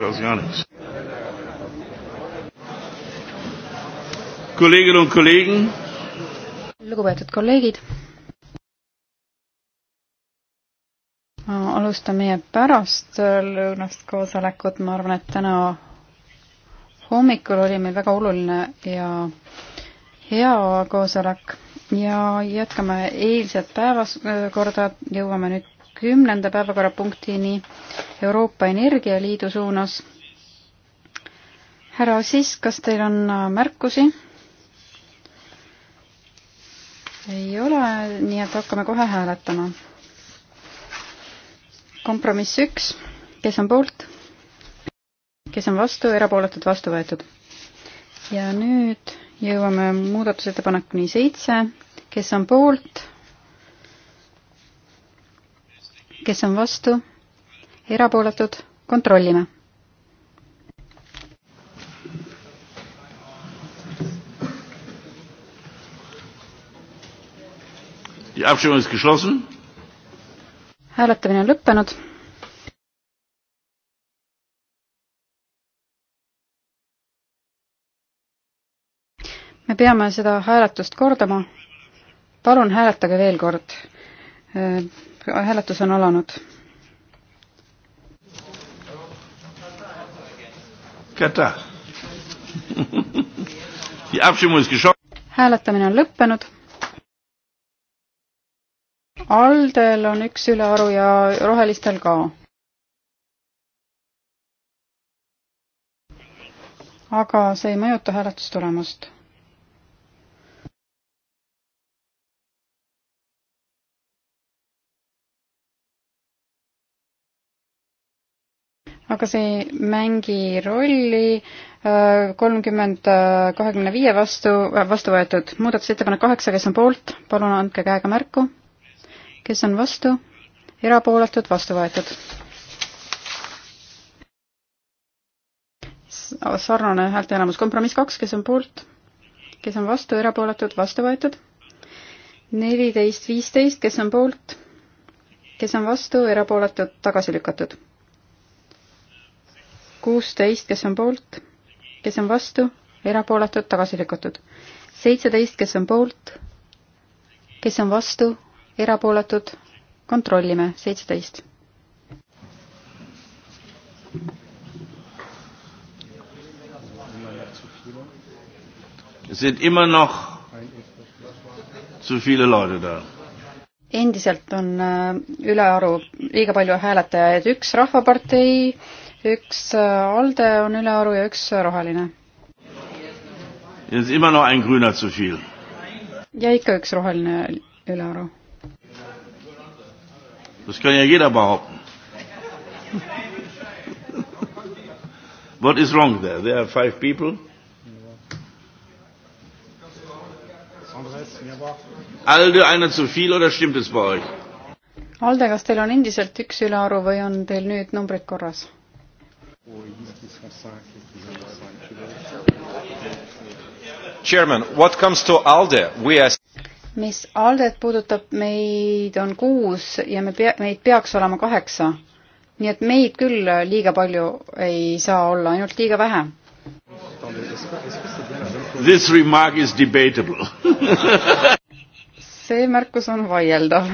Rosianics. Kolleginnen und Kollegen. lugupeetud kolleegid. alustame meie pärastlõunast koosolekut, ma arvan, et täna hommikul oli meil väga oluline ja hea koosolek ja jätkame eilset päevas korda, jõuame nüüd kümnenda päevakorrapunktini Euroopa Energialiidu suunas. härra Assis, kas teil on äh, märkusi? ei ole, nii et hakkame kohe hääletama. kompromiss üks, kes on poolt? kes on vastu, erapooletud, vastu võetud. ja nüüd jõuame muudatusettepanekuni seitse, kes on poolt, kes on vastu, erapooletud, kontrollime. hääletamine on lõppenud me peame seda hääletust kordama. palun hääletage veel kord. Äh, hääletus on alanud. hääletamine on lõppenud. Aldel on üks ülearu ja rohelistel ka. aga see ei mõjuta hääletustulemust aga see ei mängi rolli äh, kolmkümmend äh, kahekümne viie vastu, äh, vastu võetud muudatusettepanek kaheksa, kes on poolt, palun andke käega märku. kes on vastu, erapooletud, vastu võetud. sarnane häälteenamus, kompromiss kaks, kes on poolt, kes on vastu, erapooletud, vastu võetud. neliteist, viisteist, kes on poolt, kes on vastu, erapooletud, tagasi lükatud kuusteist, kes on poolt, kes on vastu, erapooletud, tagasi lükatud. seitseteist, kes on poolt, kes on vastu, erapooletud, kontrollime, seitseteist. sind immer noch zu viele Leute da. endiselt on äh, ülearu liiga palju hääletajaid, üks rahvapartei äh, üks äh, ALDE on ülearu ja üks äh, roheline. ja ikka üks roheline ülearu. Das kann ja jeder behaupten. What is wrong there? There are five people. Alde, einer zu viel oder stimmt es bei euch? Alde, kas teil on endiselt üks ülearu või on teil nüüd numbrid korras? Chairman, what comes to ALDE, we as mis ALDE-t puudutab, meid on kuus ja me pea, meid peaks olema kaheksa. nii et meid küll liiga palju ei saa olla, ainult liiga vähe. This remark is debatable see märkus on vaieldav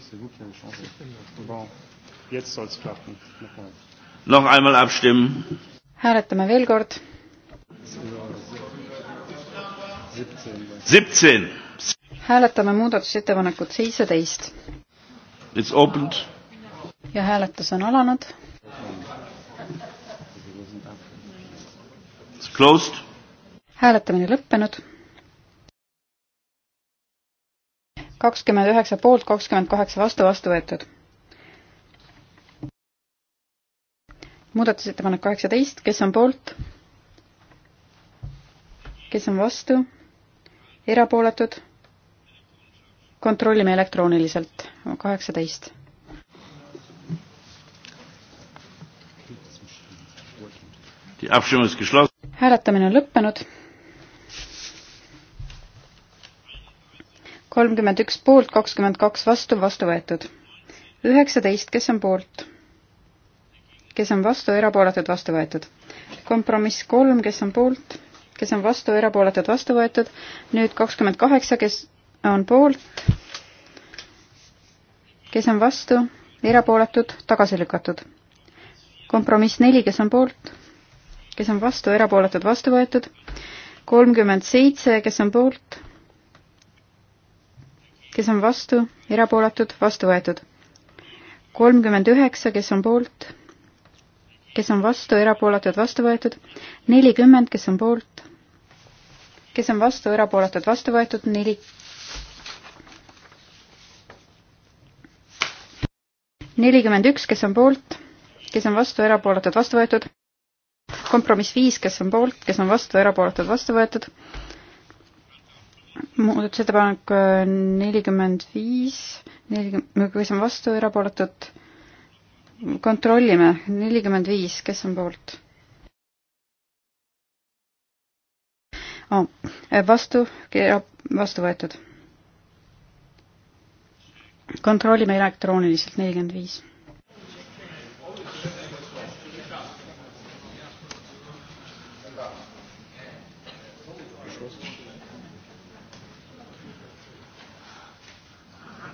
oui, c'est vous qui avez changé. Bon. Jetzt soll's klappen. Noch einmal abstimmen. Hääletame veel kord. 17. Hääletame muudatusettepanekut 17. It's opened. Ja hääletus on alanud. It's closed. Hääletamine lõppenud kakskümmend üheksa poolt, kakskümmend kaheksa vastu, vastu võetud. muudatusettepanek kaheksateist, kes on poolt? kes on vastu? erapooletud? kontrollime elektrooniliselt, kaheksateist. hääletamine on lõppenud kolmkümmend üks poolt, kakskümmend kaks vastu, vastu võetud. üheksateist, kes on poolt? kes on vastu, erapooletud, vastu võetud. kompromiss kolm, kes on poolt, kes on vastu, erapooletud, vastu võetud. nüüd kakskümmend kaheksa, kes on poolt, kes on vastu, erapooletud, tagasi lükatud. kompromiss neli, kes on poolt, kes on vastu, erapooletud, vastu võetud. kolmkümmend seitse, kes on poolt kes on vastu, erapooletud, vastu võetud. kolmkümmend üheksa, kes on poolt, kes on vastu, erapooletud, vastu võetud. nelikümmend, kes on poolt, kes on vastu, erapooletud, vastu võetud, neli nelikümmend üks, kes on poolt, kes on vastu, erapooletud, vastu võetud. kompromiss viis, kes on poolt, kes on vastu, erapooletud, vastu võetud muudatusettepanek äh, nelikümmend viis, nelikümmend, kes on vastu, erapooletud? kontrollime, nelikümmend viis, kes on poolt oh,? Äh, vastu, vastu võetud. kontrollime elektrooniliselt, nelikümmend viis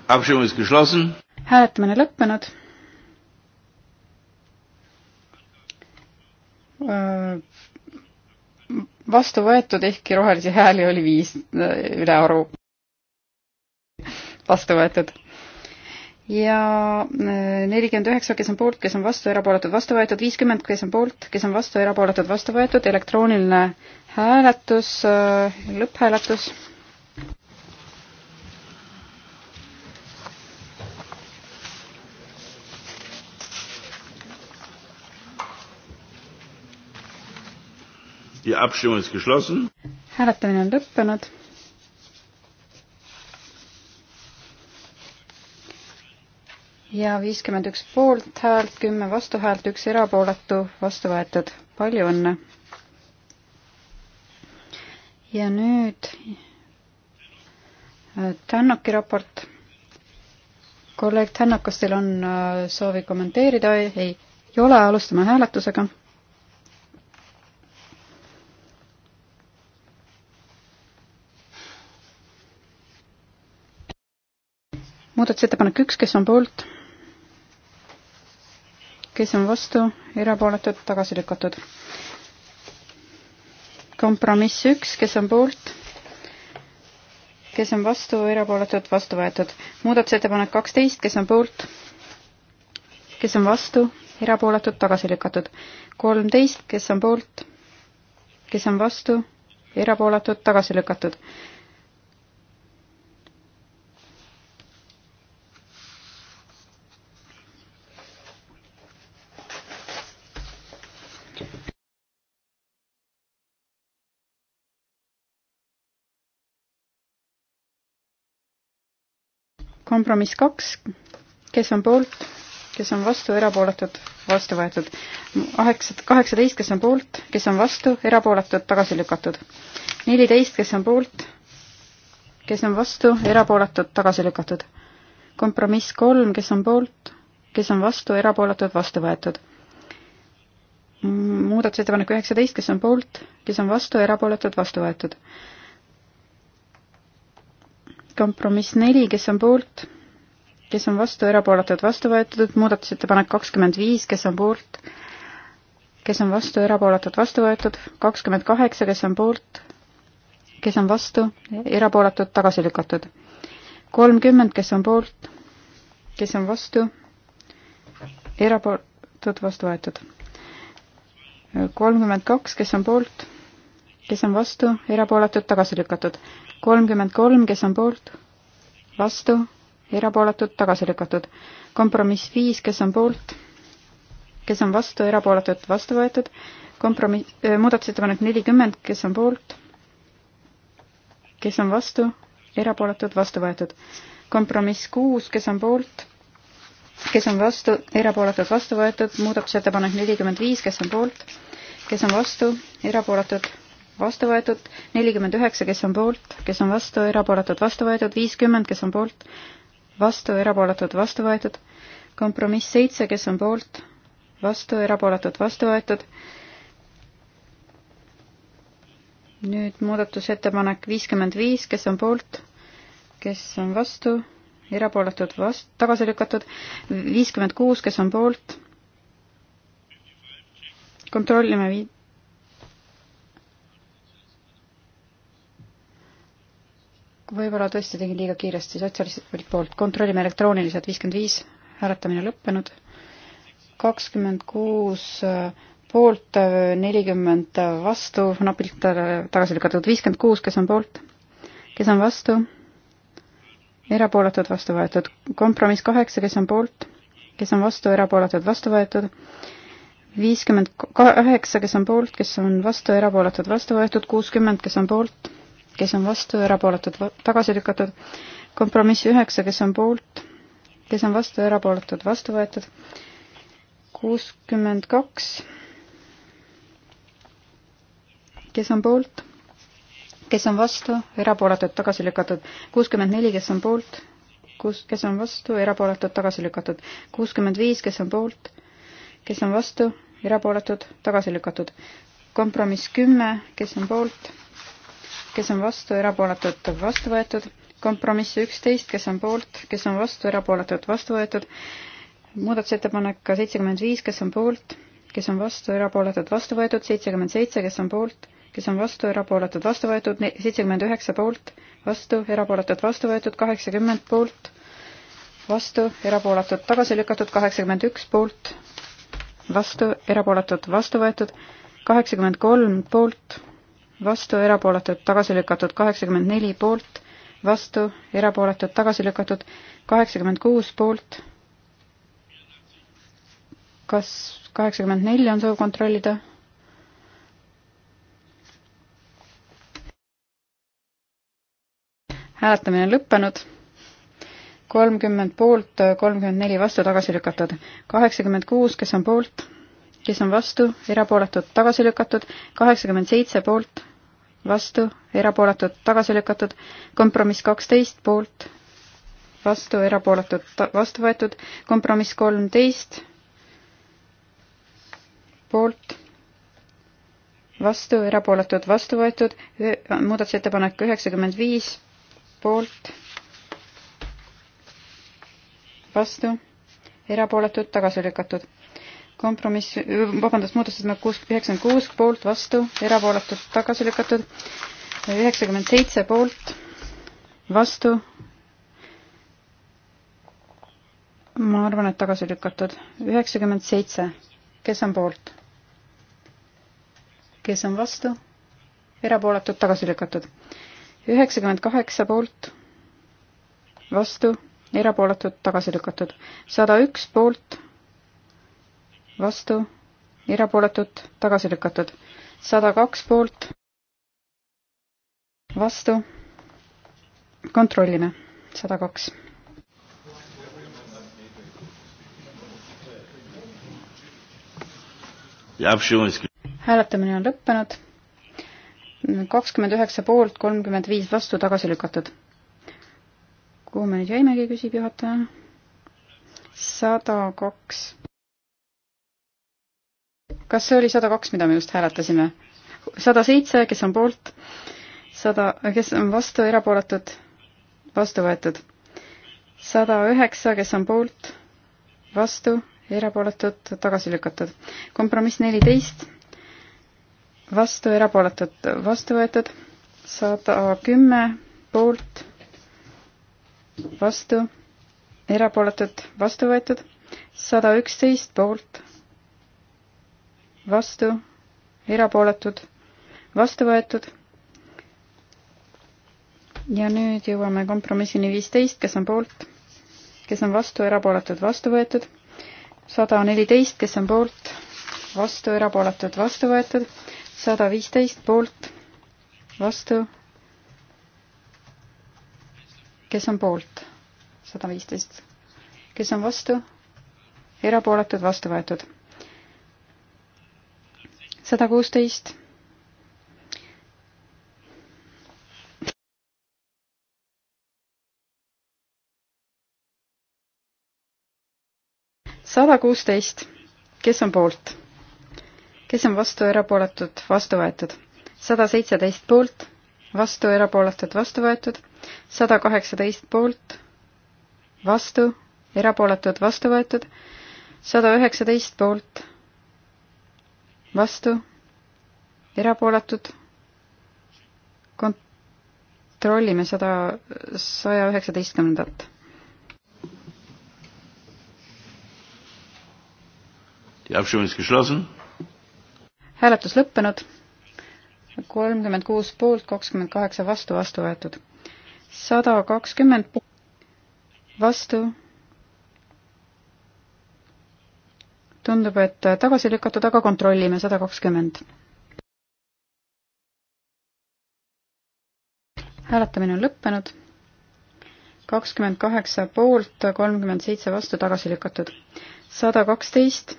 hääletamine lõppenud. Äh, vastu võetud, ehkki rohelisi hääli oli viis äh, ülearu vastu võetud. ja äh, nelikümmend üheksa, kes on poolt, kes on vastu, erapooletud, vastu võetud, viiskümmend, kes on poolt, kes on vastu, erapooletud, vastu võetud, elektrooniline hääletus, lõpphääletus hääletamine on lõppenud. ja viiskümmend üks poolthäält, kümme vastuhäält, üks erapooletu, vastu võetud. palju õnne! ja nüüd äh, Tännoki raport. kolleeg Tännok, kas teil on äh, soovi kommenteerida? ei, ei ole, alustame hääletusega muudatusettepanek üks, kes on poolt? kes on vastu, erapooletud, tagasi lükatud. kompromiss üks, kes on poolt? kes on vastu, erapooletud, vastu võetud. muudatusettepanek kaksteist, kes on poolt? kes on vastu, erapooletud, tagasi lükatud. kolmteist, kes on poolt? kes on vastu, erapooletud, tagasi lükatud. kompromiss kaks, kes on poolt, kes on vastu, erapooletud, vastu võetud. kaheksa, kaheksateist, kes on poolt, kes on vastu, erapooletud, tagasi lükatud. neliteist, kes on poolt, kes on vastu, erapooletud, tagasi lükatud. kompromiss kolm, kes on poolt, kes on vastu, erapooletud, vastu võetud. Mm, muudatusettepanek üheksateist, kes on poolt, kes on vastu, erapooletud, vastu võetud kompromiss neli, kes on poolt, kes on vastu, erapooletud, vastu võetud, muudatusettepanek kakskümmend viis, kes on poolt, kes on vastu, erapooletud, vastu võetud, kakskümmend kaheksa, kes on poolt, kes on vastu, erapooletud, tagasi lükatud. kolmkümmend, kes on poolt, kes on vastu, erapooletud, vastu võetud. kolmkümmend kaks, kes on poolt, kes on vastu, erapooletud, tagasi lükatud kolmkümmend kolm, kes on poolt, vastu, erapooletud, tagasi lükatud. kompromiss viis, kes on poolt, kes on vastu, erapooletud, vastu võetud. kompromiss, äh, muudatusettepanek nelikümmend, kes on poolt, kes on vastu, erapooletud, vastu võetud. kompromiss kuus, kes on poolt, kes on vastu, erapooletud, vastu võetud. muudatusettepanek nelikümmend viis, kes on poolt, kes on vastu, erapooletud vastu võetud, nelikümmend üheksa, kes on poolt, kes on vastu, erapooletud, vastu võetud, viiskümmend, kes on poolt, vastu, erapooletud, vastu võetud, kompromiss seitse, kes on poolt, vastu, erapooletud, vastu võetud. nüüd muudatusettepanek viiskümmend viis, kes on poolt, kes on vastu, erapooletud, vast-, tagasi lükatud, viiskümmend kuus, kes on poolt, kontrollime vii-, võib-olla tõesti tegin liiga kiiresti, sotsialistid olid poolt, kontrollime elektrooniliselt, viiskümmend viis, hääletamine lõppenud, kakskümmend kuus äh, poolt, äh, nelikümmend äh, vastu, napilt tagasi lükatud, viiskümmend kuus, kes on poolt, kes on vastu, erapooletud, vastu võetud, kompromiss kaheksa, kes on poolt, kes on vastu, erapooletud, vastu võetud, viiskümmend kaheksa, kes on poolt, kes on vastu, erapooletud, vastu võetud, kuuskümmend, kes on poolt kes on vastu, erapooletud, tagasi lükatud. kompromiss üheksa, kes on poolt, kes on vastu, erapooletud, vastu võetud. kuuskümmend kaks, kes on poolt, kes on vastu, erapooletud, tagasi lükatud. kuuskümmend neli, kes on poolt, kus, kes on vastu, erapooletud, tagasi lükatud. kuuskümmend viis, kes on poolt, kes on vastu, erapooletud, tagasi lükatud. kompromiss kümme, kes on poolt kes on vastu, erapooletud, vastu võetud. kompromiss üksteist, kes on poolt, kes on vastu, erapooletud, vastu võetud. muudatusettepanek seitsekümmend viis, kes on poolt, kes on vastu, erapooletud, vastu võetud. seitsekümmend seitse, kes on poolt, kes on vastu, erapooletud, vastu võetud. seitsekümmend üheksa poolt, vastu, erapooletud, vastu võetud. kaheksakümmend poolt, vastu, erapooletud, tagasi lükatud. kaheksakümmend üks poolt, vastu, erapooletud, vastu võetud. kaheksakümmend kolm poolt vastu, erapooletud, tagasi lükatud, kaheksakümmend neli poolt, vastu, erapooletud, tagasi lükatud, kaheksakümmend kuus poolt. kas kaheksakümmend neli on soov kontrollida? hääletamine on lõppenud. kolmkümmend poolt, kolmkümmend neli vastu, tagasi lükatud. kaheksakümmend kuus, kes on poolt kes on vastu, erapooletud, tagasi lükatud, kaheksakümmend seitse poolt, vastu, erapooletud, tagasi lükatud, kompromiss kaksteist poolt, vastu, erapooletud, vastu võetud, kompromiss kolmteist poolt, vastu, erapooletud, vastu võetud, muudatusettepanek üheksakümmend viis poolt, vastu, erapooletud, tagasi lükatud kompromiss, vabandust, muudatused nagu kuus, üheksakümmend kuus poolt, vastu, erapooletult tagasi lükatud, üheksakümmend seitse poolt, vastu, ma arvan, et tagasi lükatud, üheksakümmend seitse, kes on poolt? kes on vastu? erapooletult tagasi lükatud. üheksakümmend kaheksa poolt, vastu, erapooletult tagasi lükatud, sada üks poolt vastu, erapooletud, tagasi lükatud. sada kaks poolt, vastu, kontrollime, sada kaks. hääletamine on lõppenud. kakskümmend üheksa poolt, kolmkümmend viis vastu, tagasi lükatud. kuhu me nüüd jäimegi, küsib juhataja. sada kaks kas see oli sada kaks, mida me just hääletasime? sada seitse, kes on poolt, sada, kes on vastu, erapooletud, vastu võetud. sada üheksa, kes on poolt, vastu, erapooletud, tagasi lükatud. kompromiss neliteist, vastu, erapooletud, vastu võetud. sada kümme, poolt, vastu, erapooletud, vastu võetud. sada üksteist, poolt vastu, erapooletud, vastu võetud. ja nüüd jõuame kompromissini viisteist, kes on poolt, kes on vastu, erapooletud, vastu võetud. sada neliteist, kes on poolt, vastu, erapooletud, vastu võetud. sada viisteist poolt, vastu. kes on poolt? sada viisteist. kes on vastu? erapooletud, vastu võetud sada kuusteist. sada kuusteist, kes on poolt? kes on vastu, erapooletud, vastu võetud? sada seitseteist poolt, vastu, erapooletud, vastu võetud, sada kaheksateist poolt, vastu, erapooletud, vastu võetud, sada üheksateist poolt vastu, erapooletud. kontrollime sada, saja üheksateistkümnendat. hääletus lõppenud, kolmkümmend kuus poolt, kakskümmend kaheksa vastu, vastu võetud. sada kakskümmend vastu tundub, et tagasi lükatud, aga kontrollime, sada kakskümmend. hääletamine on lõppenud. kakskümmend kaheksa poolt, kolmkümmend seitse vastu, tagasi lükatud. sada kaksteist.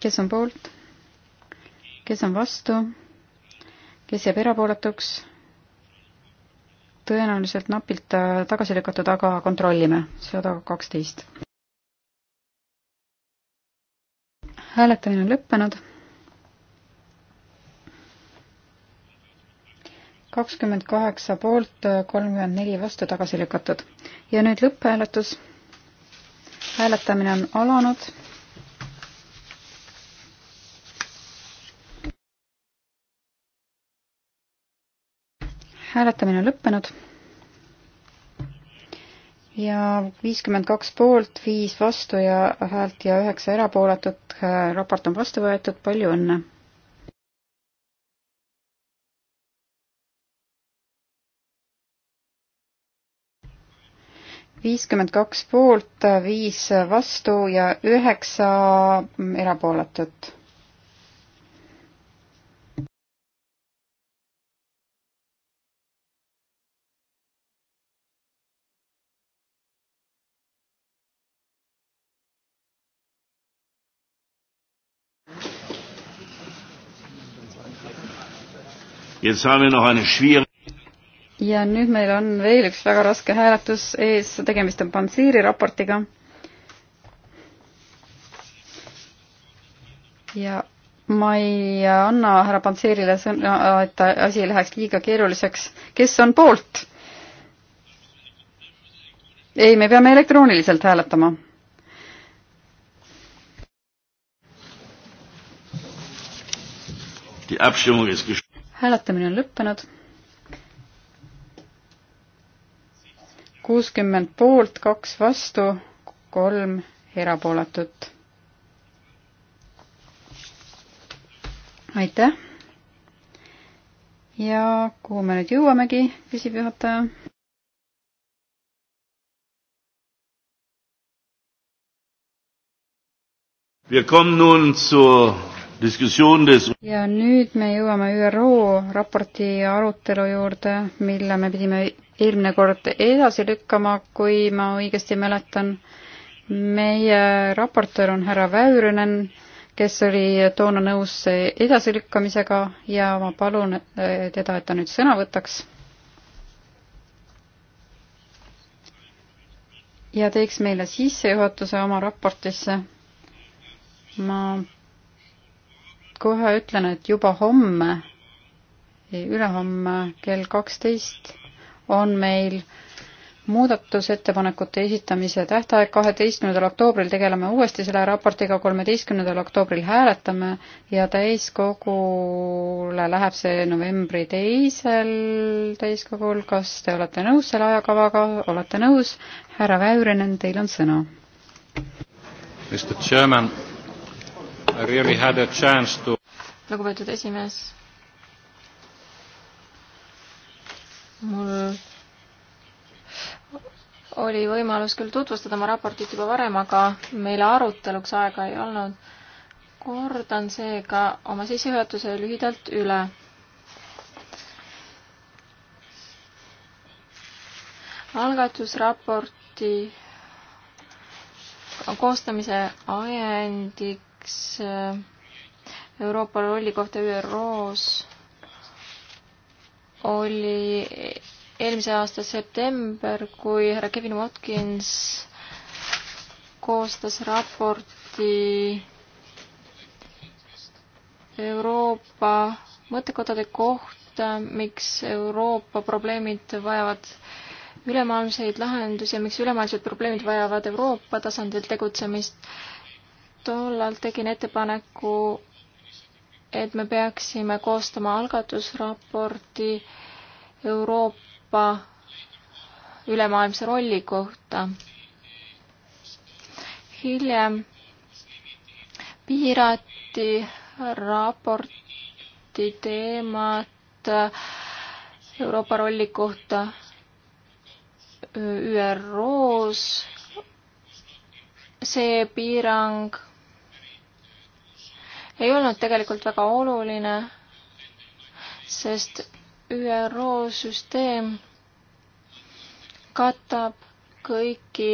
kes on poolt? kes on vastu? kes jääb erapooletuks? tõenäoliselt napilt äh, tagasi lükatud, aga kontrollime. sada kaksteist. hääletamine on lõppenud. kakskümmend kaheksa poolt, kolmkümmend neli vastu tagasi lükatud. ja nüüd lõpphääletus. hääletamine on alanud. hääletamine on lõppenud ja viiskümmend kaks poolt, viis vastu ja häält ja üheksa erapooletut. Äh, raport on vastu võetud, palju õnne! viiskümmend kaks poolt, viis vastu ja üheksa erapooletut ja nüüd meil on veel üks väga raske hääletus ees, tegemist on Pansiiri raportiga. ja ma ei anna härra Pansiirile sõna, et asi ei läheks liiga keeruliseks. kes on poolt? ei, me peame elektrooniliselt hääletama Die Abstimmung ist hääletamine on lõppenud. kuuskümmend poolt, kaks vastu, kolm erapooletut. aitäh. ja kuhu me nüüd jõuamegi, küsib juhataja. Wir kommen nun zur ja nüüd me jõuame ÜRO raporti arutelu juurde, mille me pidime eelmine kord edasi lükkama, kui ma õigesti mäletan. meie raportöör on härra Väürinen, kes oli toona nõus edasilükkamisega ja ma palun eh, teda, et ta nüüd sõna võtaks. ja teeks meile sissejuhatuse oma raportisse. ma kohe ütlen, et juba homme, ülehomme kell kaksteist on meil muudatusettepanekute esitamise tähtaeg kaheteistkümnendal oktoobril, tegeleme uuesti selle raportiga, kolmeteistkümnendal oktoobril hääletame ja täiskogule läheb see novembri teisel täiskogul, kas te olete nõus selle ajakavaga, olete nõus? härra Väürinen, teil on sõna. Mr Chairman, really to... lugupeetud esimees, mul oli võimalus küll tutvustada oma raportit juba varem, aga meile aruteluks aega ei olnud. kordan seega oma sissejuhatuse lühidalt üle. algatusraporti koostamise ajendiks näiteks äh, Euroopa rolli kohta ÜRO-s oli eelmise aasta september, kui härra Kevin Watkins koostas raporti Euroopa mõttekodade kohta, miks Euroopa probleemid vajavad ülemaailmseid lahendusi ja miks ülemaailmsed probleemid vajavad Euroopa tasandil tegutsemist tollal tegin ettepaneku, et me peaksime koostama algatusraporti Euroopa ülemaailmse rolli kohta. hiljem piirati raporti teemat Euroopa rolli kohta ÜRO-s. see piirang ei olnud tegelikult väga oluline, sest ÜRO süsteem katab kõiki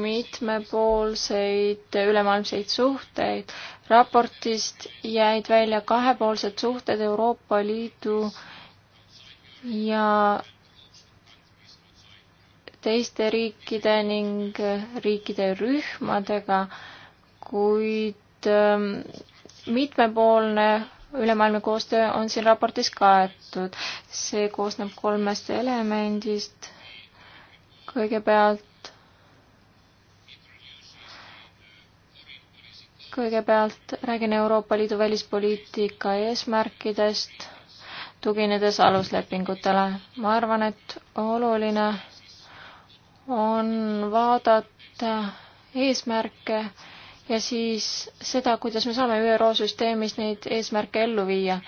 mitmepoolseid ülemaailmseid suhteid. raportist jäid välja kahepoolsed suhted Euroopa Liidu ja teiste riikide ning riikide rühmadega, kuid ähm, mitmepoolne ülemaailmne koostöö on siin raportis kaetud. see koosneb kolmest elemendist. kõigepealt, kõigepealt räägin Euroopa Liidu välispoliitika eesmärkidest, tuginedes aluslepingutele. ma arvan, et oluline on vaadata eesmärke, ja siis seda, kuidas me saame ÜRO süsteemis neid eesmärke ellu viia.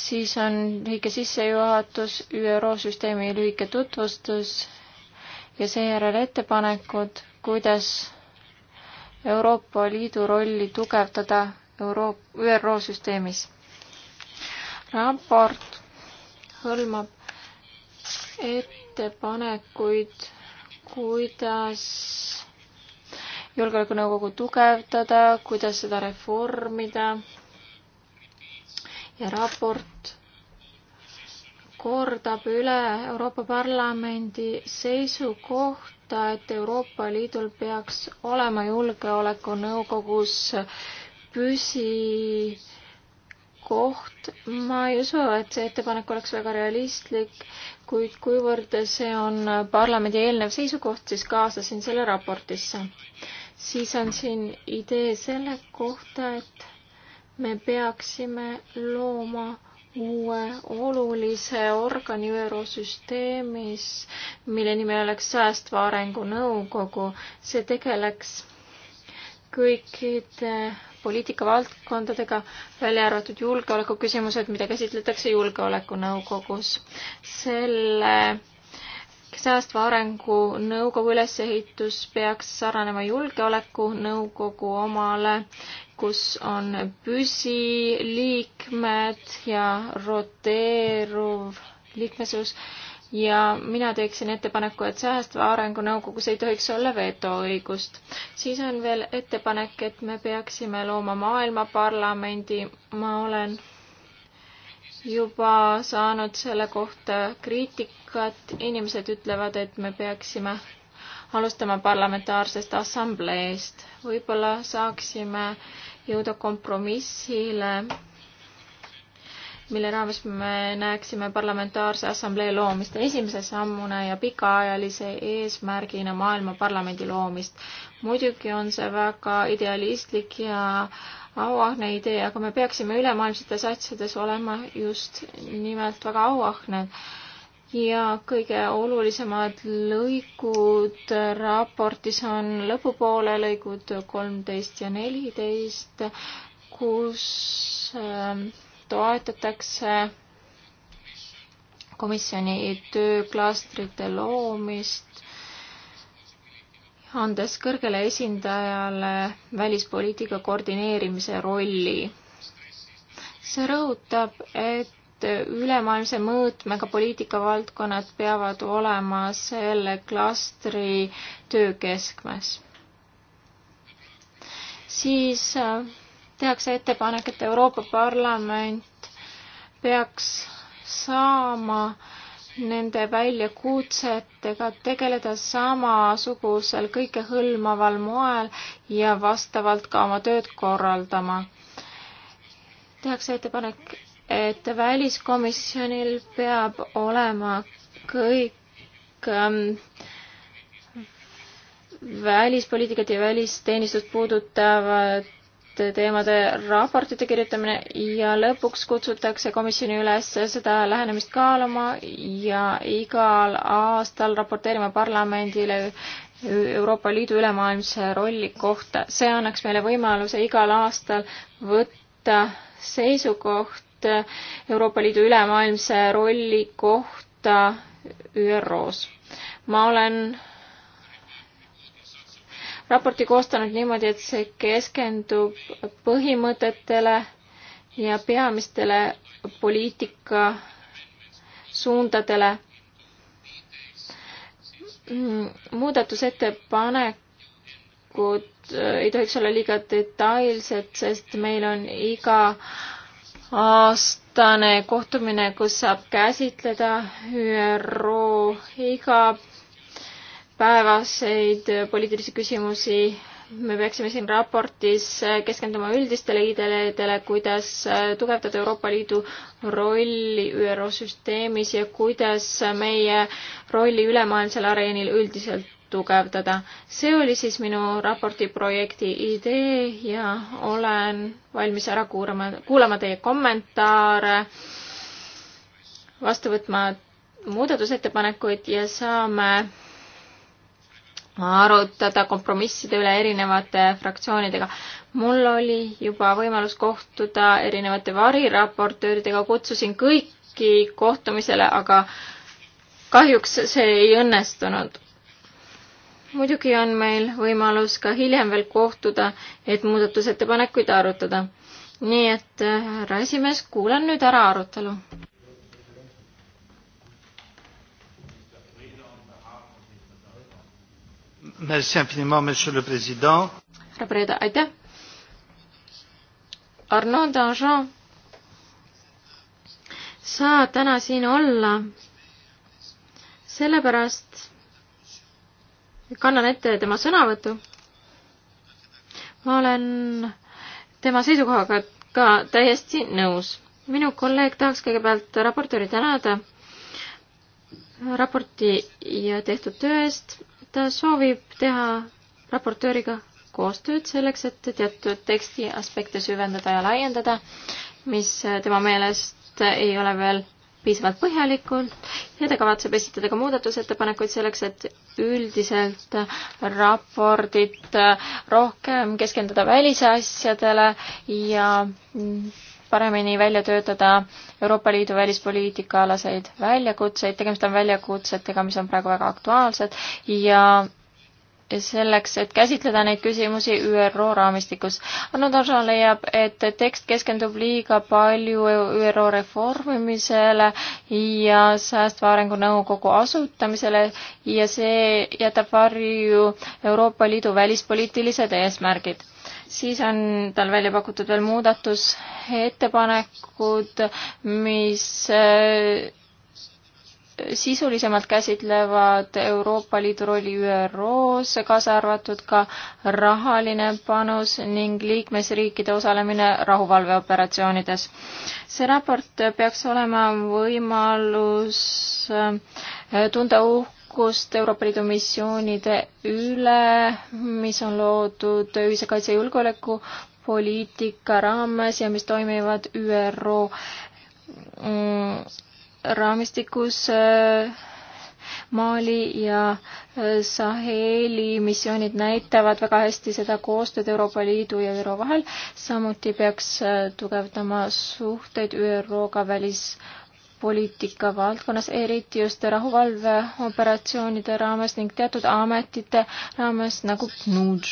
siis on lühike sissejuhatus, ÜRO süsteemi lühike tutvustus ja seejärel ettepanekud, kuidas Euroopa Liidu rolli tugevdada Euro-, ÜRO süsteemis. raport hõlmab ettepanekuid, kuidas julgeolekunõukogu tugevdada, kuidas seda reformida. ja raport kordab üle Euroopa Parlamendi seisukohta, et Euroopa Liidul peaks olema julgeolekunõukogus püsikoht. ma ei usu, et see ettepanek oleks väga realistlik, kuid kuivõrd see on parlamendi eelnev seisukoht, siis kaasasin selle raportisse siis on siin idee selle kohta, et me peaksime looma uue olulise organi ÜRO süsteemis, mille nimi oleks Säästva Arengu Nõukogu. see tegeleks kõikide poliitikavaldkondadega, välja arvatud julgeolekuküsimused, mida käsitletakse Julgeolekunõukogus. selle säästva arengu nõukogu ülesehitus peaks sarnanema julgeolekunõukogu omale, kus on püsiliikmed ja roteeruv liikmesus ja mina teeksin ettepaneku, et säästva arengu nõukogus ei tohiks olla vetoõigust. siis on veel ettepanek, et me peaksime looma maailmaparlamendi, ma olen juba saanud selle kohta kriitikat, inimesed ütlevad, et me peaksime alustama parlamentaarsest assambleest. võib-olla saaksime jõuda kompromissile, mille raames me näeksime parlamentaarse assamblee loomist esimese sammuna ja pikaajalise eesmärgina maailma parlamendi loomist. muidugi on see väga idealistlik ja äh, auahne idee, aga me peaksime ülemaailmsetes asjades olema just nimelt väga auahned. ja kõige olulisemad lõigud raportis on lõpupoole lõigud kolmteist ja neliteist, kus ähm, toetatakse komisjoni tööklastrite loomist andes kõrgele esindajale välispoliitika koordineerimise rolli. see rõhutab, et ülemaailmse mõõtmega poliitikavaldkonnad peavad olema selle klastri töö keskmes. siis äh, tehakse ettepanek, et Euroopa Parlament peaks saama äh, nende väljakutsetega tegeleda samasugusel kõikehõlmaval moel ja vastavalt ka oma tööd korraldama. tehakse ettepanek, et väliskomisjonil peab olema kõik ähm, välispoliitikat ja välisteenistust puudutavad teemade raportite kirjutamine ja lõpuks kutsutakse komisjoni üles seda lähenemist kaaluma ja igal aastal raporteerima parlamendile Euroopa Liidu ülemaailmse rolli kohta. see annaks meile võimaluse igal aastal võtta seisukoht Euroopa Liidu ülemaailmse rolli kohta ÜRO-s. ma olen raporti koostanud niimoodi, et see keskendub põhimõtetele ja peamistele poliitika suundadele. muudatusettepanekud ei tohiks olla liiga detailsed, sest meil on iga aastane kohtumine, kus saab käsitleda ÜRO iga igapäevaseid poliitilisi küsimusi. me peaksime siin raportis keskenduma üldistele ideedele, kuidas tugevdada Euroopa Liidu rolli ÜRO süsteemis ja kuidas meie rolli ülemaailmsel areenil üldiselt tugevdada. see oli siis minu raporti projekti idee ja olen valmis ära kuulama, kuulama teie kommentaare, vastu võtma muudatusettepanekuid ja saame arutada kompromisside üle erinevate fraktsioonidega. mul oli juba võimalus kohtuda erinevate variraportööridega, kutsusin kõiki kohtumisele, aga kahjuks see ei õnnestunud. muidugi on meil võimalus ka hiljem veel kohtuda, et muudatusettepanekuid arutada. nii et härra esimees, kuulan nüüd ära arutelu. härra Preda, aitäh. Arnaud Danjean, sa täna siin olla sellepärast kannan ette tema sõnavõtu. ma olen tema seisukohaga ka täiesti nõus. minu kolleeg tahaks kõigepealt raportööri tänada raporti ja tehtud töö eest ta soovib teha raportööriga koostööd selleks, et teatud teksti aspekte süvendada ja laiendada, mis tema meelest ei ole veel piisavalt põhjalikult ja ta kavatseb esitada ka muudatusettepanekuid selleks, et üldiselt raportit rohkem keskenduda välisasjadele ja paremini välja töötada Euroopa Liidu välispoliitika alaseid väljakutseid, tegemist on väljakutsetega, mis on praegu väga aktuaalsed ja selleks, et käsitleda neid küsimusi ÜRO raamistikus. Arno Tarsa leiab, et tekst keskendub liiga palju ÜRO reformimisele ja säästva arengu nõukogu asutamisele ja see jätab varju Euroopa Liidu välispoliitilised eesmärgid siis on tal välja pakutud veel muudatusettepanekud, mis äh, sisulisemalt käsitlevad Euroopa Liidu rolli ÜRO-s, kaasa arvatud ka rahaline panus ning liikmesriikide osalemine rahuvalveoperatsioonides. see raport peaks olema võimalus äh, tunda uhkust tarkust Euroopa Liidu missioonide üle, mis on loodud ühise kaitse julgeoleku poliitika raames ja mis toimivad ÜRO mm, raamistikus äh, Mali ja äh, Saheli missioonid näitavad väga hästi seda koostööd Euroopa Liidu ja ÜRO vahel. samuti peaks äh, tugevdama suhteid ÜRO-ga välis- poliitika valdkonnas, eriti just rahuvalveoperatsioonide raames ning teatud ametite raames nagu NUDŽ.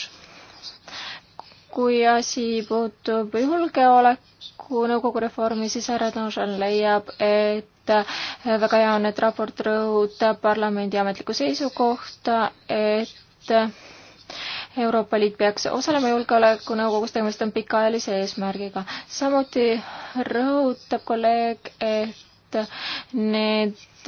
kui asi puutub julgeoleku nõukogu reformi, siis härra Donjon leiab, et väga hea on, et raport rõhutab parlamendi ametlikku seisukohta, et Euroopa Liit peaks osalema Julgeolekunõukogus, tegemist on pikaajalise eesmärgiga. samuti rõhutab kolleeg, et et need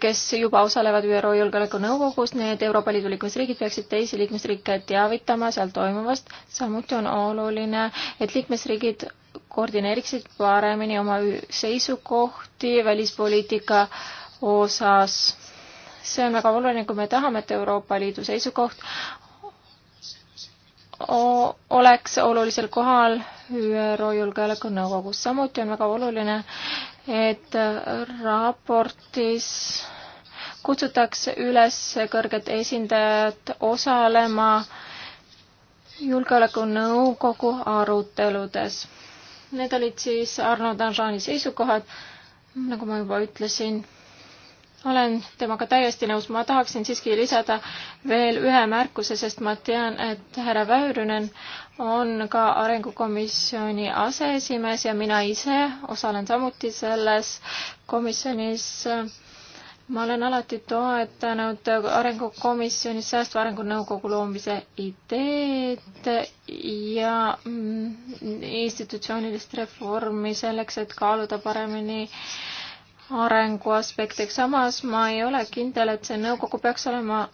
kes juba osalevad ÜRO Julgeolekunõukogus, need Euroopa Liidu liikmesriigid peaksid teisi liikmesriike teavitama seal toimuvast. samuti on oluline, et liikmesriigid koordineeriksid paremini oma seisukohti välispoliitika osas. see on väga oluline, kui me tahame, et Euroopa Liidu seisukoht oleks olulisel kohal ÜRO Julgeolekunõukogus. samuti on väga oluline, et raportis kutsutakse üles kõrget esindajat osalema julgeolekunõukogu aruteludes. Need olid siis Arno Danjani seisukohad, nagu ma juba ütlesin olen temaga täiesti nõus, ma tahaksin siiski lisada veel ühe märkuse, sest ma tean, et härra Väürünen on ka Arengukomisjoni aseesimees ja mina ise osalen samuti selles komisjonis. ma olen alati toetanud Arengukomisjonis säästva arengu nõukogu loomise ideed ja mm, institutsioonilist reformi selleks, et kaaluda paremini äh, arenguaspektiks, samas ma ei ole kindel, et see nõukogu peaks olema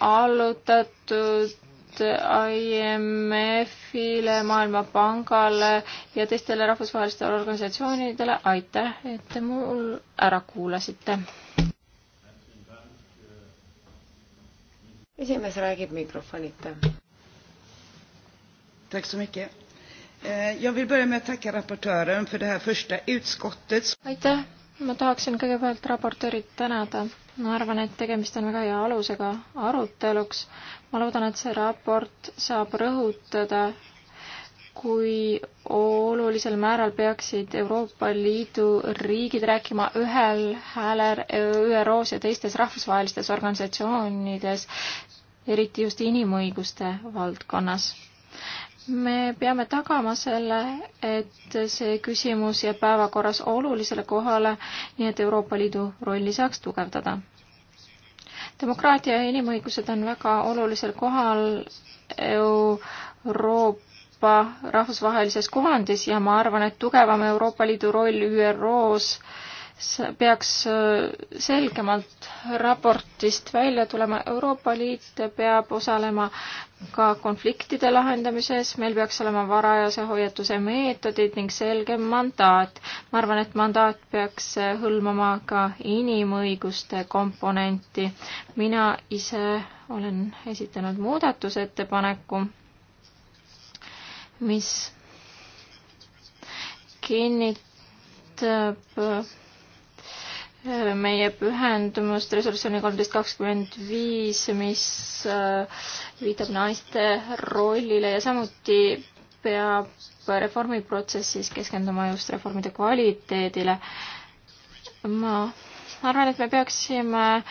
allutatud IMF-ile, Maailmapangale ja teistele rahvusvahelistele organisatsioonidele. aitäh, et te mul ära kuulasite. esimees räägib mikrofonita. Tack så mycket. Eh, jag vill börja med att tacka rapportören för det här första utskottets... Aitäh ma tahaksin kõigepealt raportöörid tänada. ma arvan, et tegemist on väga hea alusega aruteluks. ma loodan, et see raport saab rõhutada, kui olulisel määral peaksid Euroopa Liidu riigid rääkima ühel häälel ÜRO-s ja teistes rahvusvahelistes organisatsioonides, eriti just inimõiguste valdkonnas me peame tagama selle, et see küsimus jääb päevakorras olulisele kohale, nii et Euroopa Liidu rolli saaks tugevdada. demokraatia ja inimõigused on väga olulisel kohal Euroopa Euroopa rahvusvahelises kuvandis ja ma arvan, et tugevam Euroopa Liidu roll ÜRO-s peaks äh, selgemalt raportist välja tulema. Euroopa Liit peab osalema ka konfliktide lahendamises, meil peaks olema varajase hoiatuse meetodid ning selgem mandaat. ma arvan, et mandaat peaks äh, hõlmama ka inimõiguste komponenti. mina ise olen esitanud muudatusettepaneku, mis kinnitab meie pühendumust resolutsiooni kolmteist kakskümmend viis, mis äh, viitab naiste rollile ja samuti peab reformiprotsessis keskenduma just reformide kvaliteedile. ma arvan, et me peaksime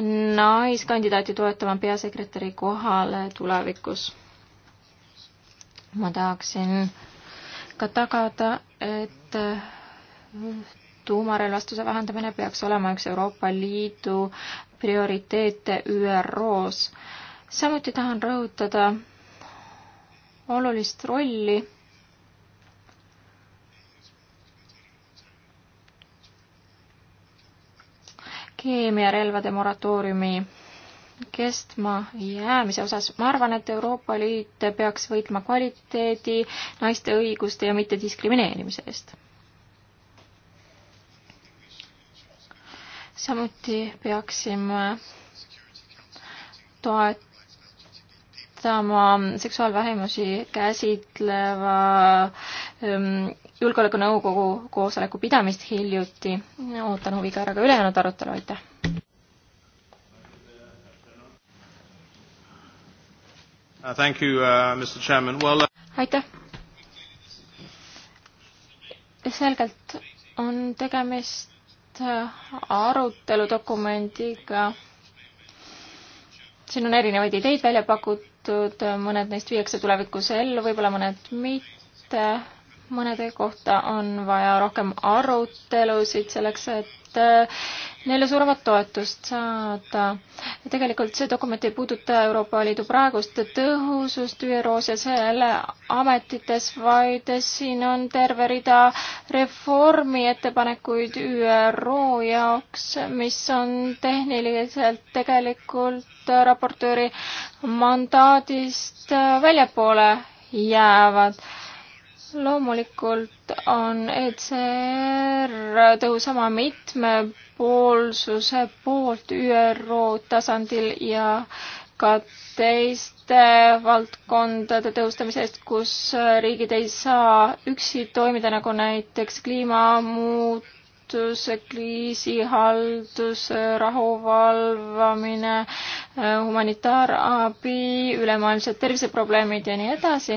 naiskandidaati toetama peasekretäri kohale tulevikus. ma tahaksin ka tagada, et tuumarelvastuse vähendamine peaks olema üks Euroopa Liidu prioriteete ÜRO-s. samuti tahan rõhutada olulist rolli keemiarelvade moratooriumi kestma jäämise osas. ma arvan, et Euroopa Liit peaks võitma kvaliteedi, naiste õiguste ja mittediskrimineerimise eest samuti peaksime toetama seksuaalvähemusi käsitleva ähm, julgeolekunõukogu koosoleku pidamist hiljuti. ootan huviga ära ka ülejäänud arutelu, aitäh! Uh, thank you, uh, Mr. Chairman. Well, uh... aitäh! selgelt on tegemist tegemist aruteludokumendiga. siin on erinevaid ideid välja pakutud, mõned neist viiakse tulevikus ellu, võib-olla mõned mitte mõnede kohta on vaja rohkem arutelusid selleks, et äh, neile suuremat toetust saada. tegelikult see dokument ei puuduta Euroopa Liidu praegust tõhusust ÜRO-s ja selle ametites, vaid siin on terve rida reformi ettepanekuid ÜRO jaoks, mis on tehniliselt tegelikult raportööri mandaadist väljapoole jäävad loomulikult on ECR tõhusama mitmepoolsuse poolt ÜRO tasandil ja ka teiste valdkondade tõhustamise eest, kus riigid ei saa üksi toimida, nagu näiteks kliimamuutus, kriisihaldus, rahu valvamine, humanitaarabi, ülemaailmsed terviseprobleemid ja nii edasi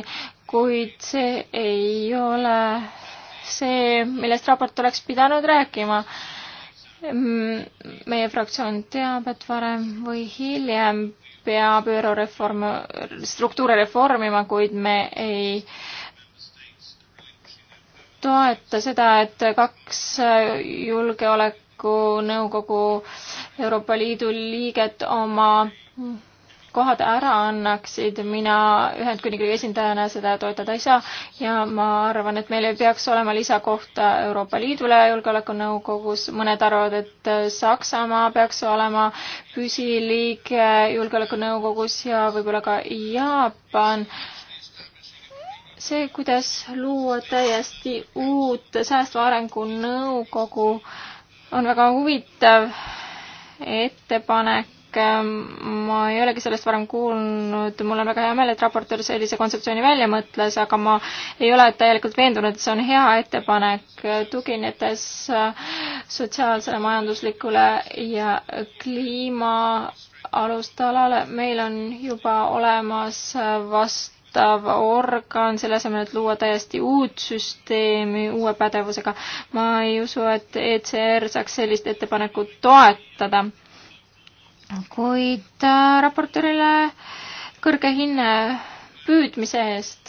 kuid see ei ole see, millest raport oleks pidanud rääkima. meie fraktsioon teab, et varem või hiljem peab ÜRO reform, struktuure reformima, kuid me ei toeta seda, et kaks julgeolekunõukogu Euroopa Liidu liiget oma kohad ära annaksid, mina Ühendkuningriigi esindajana seda toetada ei saa ja ma arvan, et meil ei peaks olema lisakohta Euroopa Liidule Julgeolekunõukogus, mõned arvavad, et Saksamaa peaks olema püsiliige Julgeolekunõukogus ja võib-olla ka Jaapan see, kuidas luua täiesti uut säästva arengu nõukogu, on väga huvitav ettepanek Ähm, ma ei olegi sellest varem kuulnud, mul on väga hea meel, et raportöör sellise kontseptsiooni välja mõtles, aga ma ei ole täielikult veendunud, et see on hea ettepanek, äh, tuginedes äh, sotsiaalsele, majanduslikule ja kliima alustalale, meil on juba olemas vastu äh, vastav organ, selle asemel, et luua täiesti uut süsteemi uue pädevusega. ma ei usu, et ECR saaks sellist ettepanekut toetada kuid äh, raportöörile kõrge hinne püüdmise eest.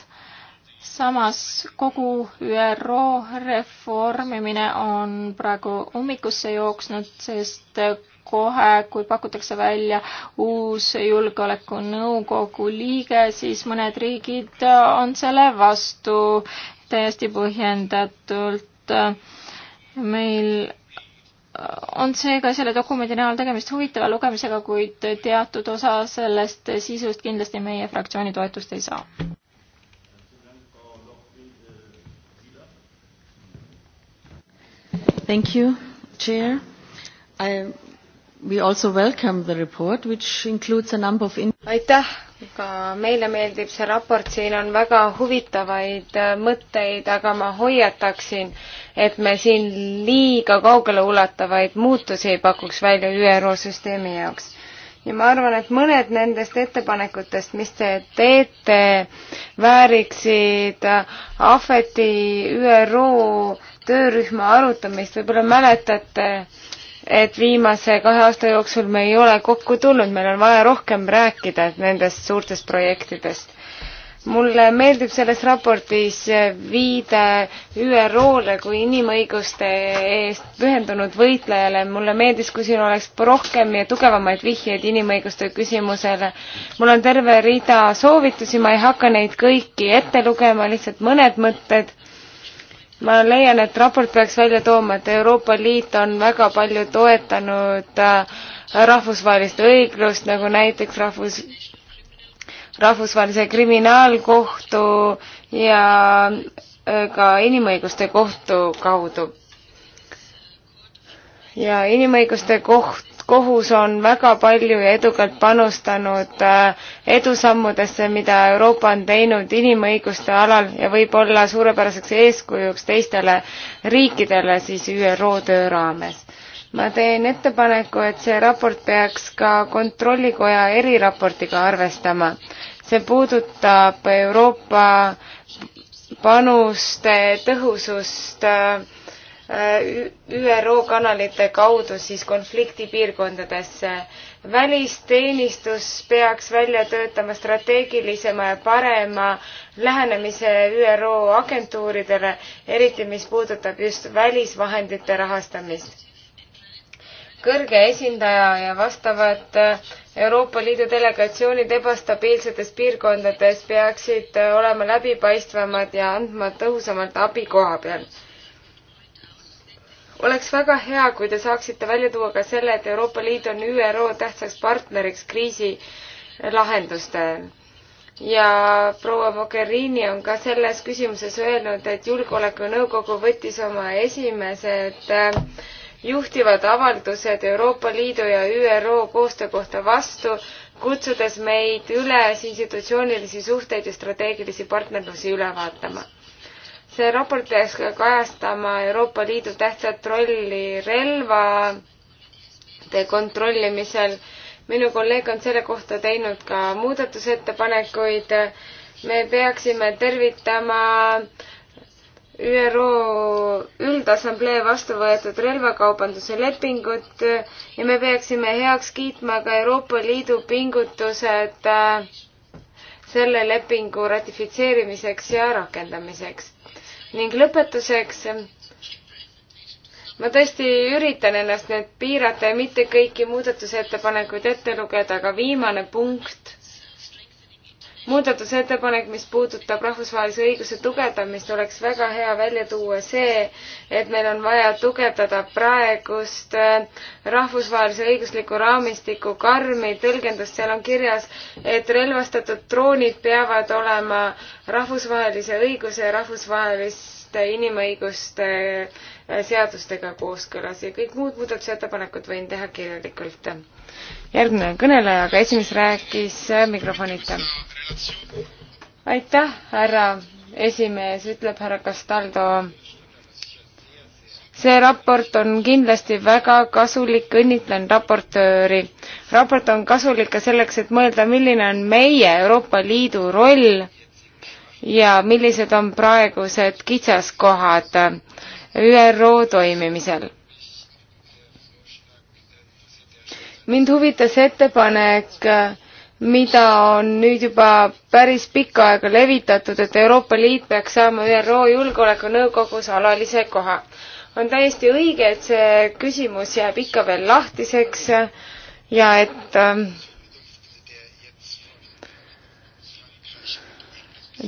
samas kogu ÜRO reformimine on praegu ummikusse jooksnud, sest kohe, kui pakutakse välja uus julgeolekunõukogu liige, siis mõned riigid on selle vastu täiesti põhjendatult. meil on seega selle dokumendi näol tegemist huvitava lugemisega, kuid teatud osa sellest sisust kindlasti meie fraktsiooni toetust ei saa. Thank you, chair. I We also welcome the report, which includes a number of aitäh, ka meile meeldib see raport, siin on väga huvitavaid äh, mõtteid, aga ma hoiataksin, et me siin liiga kaugeleulatuvaid muutusi ei pakuks välja ÜRO süsteemi jaoks. ja ma arvan, et mõned nendest ettepanekutest, mis te teete, vääriksid äh, Ahveti ÜRO töörühma arutamist, võib-olla mäletate, et viimase kahe aasta jooksul me ei ole kokku tulnud, meil on vaja rohkem rääkida nendest suurtest projektidest. mulle meeldib selles raportis viide ÜRO-le kui inimõiguste eest pühendunud võitlejale. mulle meeldis, kui siin oleks rohkem ja tugevamaid vihjeid inimõiguste küsimusele. mul on terve rida soovitusi, ma ei hakka neid kõiki ette lugema, lihtsalt mõned mõtted ma leian, et raport peaks välja tooma, et Euroopa Liit on väga palju toetanud äh, rahvusvahelist õiglust, nagu näiteks rahvus, rahvusvahelise kriminaalkohtu ja äh, ka inimõiguste kohtu kaudu. ja inimõiguste koht kohus on väga palju ja edukalt panustanud äh, edusammudesse, mida Euroopa on teinud inimõiguste alal ja võib olla suurepäraseks eeskujuks teistele riikidele siis ÜRO töö raames. ma teen ettepaneku, et see raport peaks ka Kontrollikoja eriraportiga arvestama. see puudutab Euroopa panuste tõhusust äh, Äh, ÜRO kanalite kaudu siis konfliktipiirkondadesse. välisteenistus peaks välja töötama strateegilisema ja parema lähenemise ÜRO agentuuridele, eriti mis puudutab just välisvahendite rahastamist kõrge esindaja ja vastavad Euroopa Liidu delegatsioonid ebastabiilsetes piirkondades peaksid olema läbipaistvamad ja andma tõhusamalt abi koha peal oleks väga hea, kui te saaksite välja tuua ka selle, et Euroopa Liit on ÜRO tähtsaks partneriks kriisi lahendustel. ja proua Mogherini on ka selles küsimuses öelnud, et Julgeolekunõukogu võttis oma esimesed äh, juhtivad avaldused Euroopa Liidu ja ÜRO koostöö kohta vastu, kutsudes meid üles institutsioonilisi suhteid ja strateegilisi partnerlusi üle vaatama see raport peaks ka kajastama Euroopa Liidu tähtsat rolli relvade kontrollimisel. minu kolleeg on selle kohta teinud ka muudatusettepanekuid. me peaksime tervitama ÜRO Üldassamblee vastu võetud relvakaubanduse lepingut ja me peaksime heaks kiitma ka Euroopa Liidu pingutused äh, selle lepingu ratifitseerimiseks ja rakendamiseks ning lõpetuseks ma tõesti üritan ennast nüüd piirata ja mitte kõiki muudatusettepanekuid ette lugeda, aga viimane punkt muudatusettepanek, mis puudutab rahvusvahelise õiguse tugevdamist, oleks väga hea välja tuua see, et meil on vaja tugevdada praegust äh, rahvusvahelise õigusliku raamistiku karmi tõlgendust, seal on kirjas, et relvastatud droonid peavad olema rahvusvahelise õiguse ja rahvusvaheliste inimõiguste äh, seadustega kooskõlas ja kõik muud muudatusettepanekud võin teha kirjalikult. järgmine kõneleja, aga esimest rääkis äh, mikrofonita aitäh, härra esimees, ütleb härra Castaldo. see raport on kindlasti väga kasulik, õnnitlen raportööri. raport on kasulik ka selleks, et mõelda, milline on meie Euroopa Liidu roll ja millised on praegused kitsaskohad ÜRO toimimisel. mind huvitas ettepanek mida on nüüd juba päris pikka aega levitatud, et Euroopa Liit peaks saama ÜRO Julgeolekunõukogus alalise koha. on täiesti õige, et see küsimus jääb ikka veel lahtiseks ja et ähm,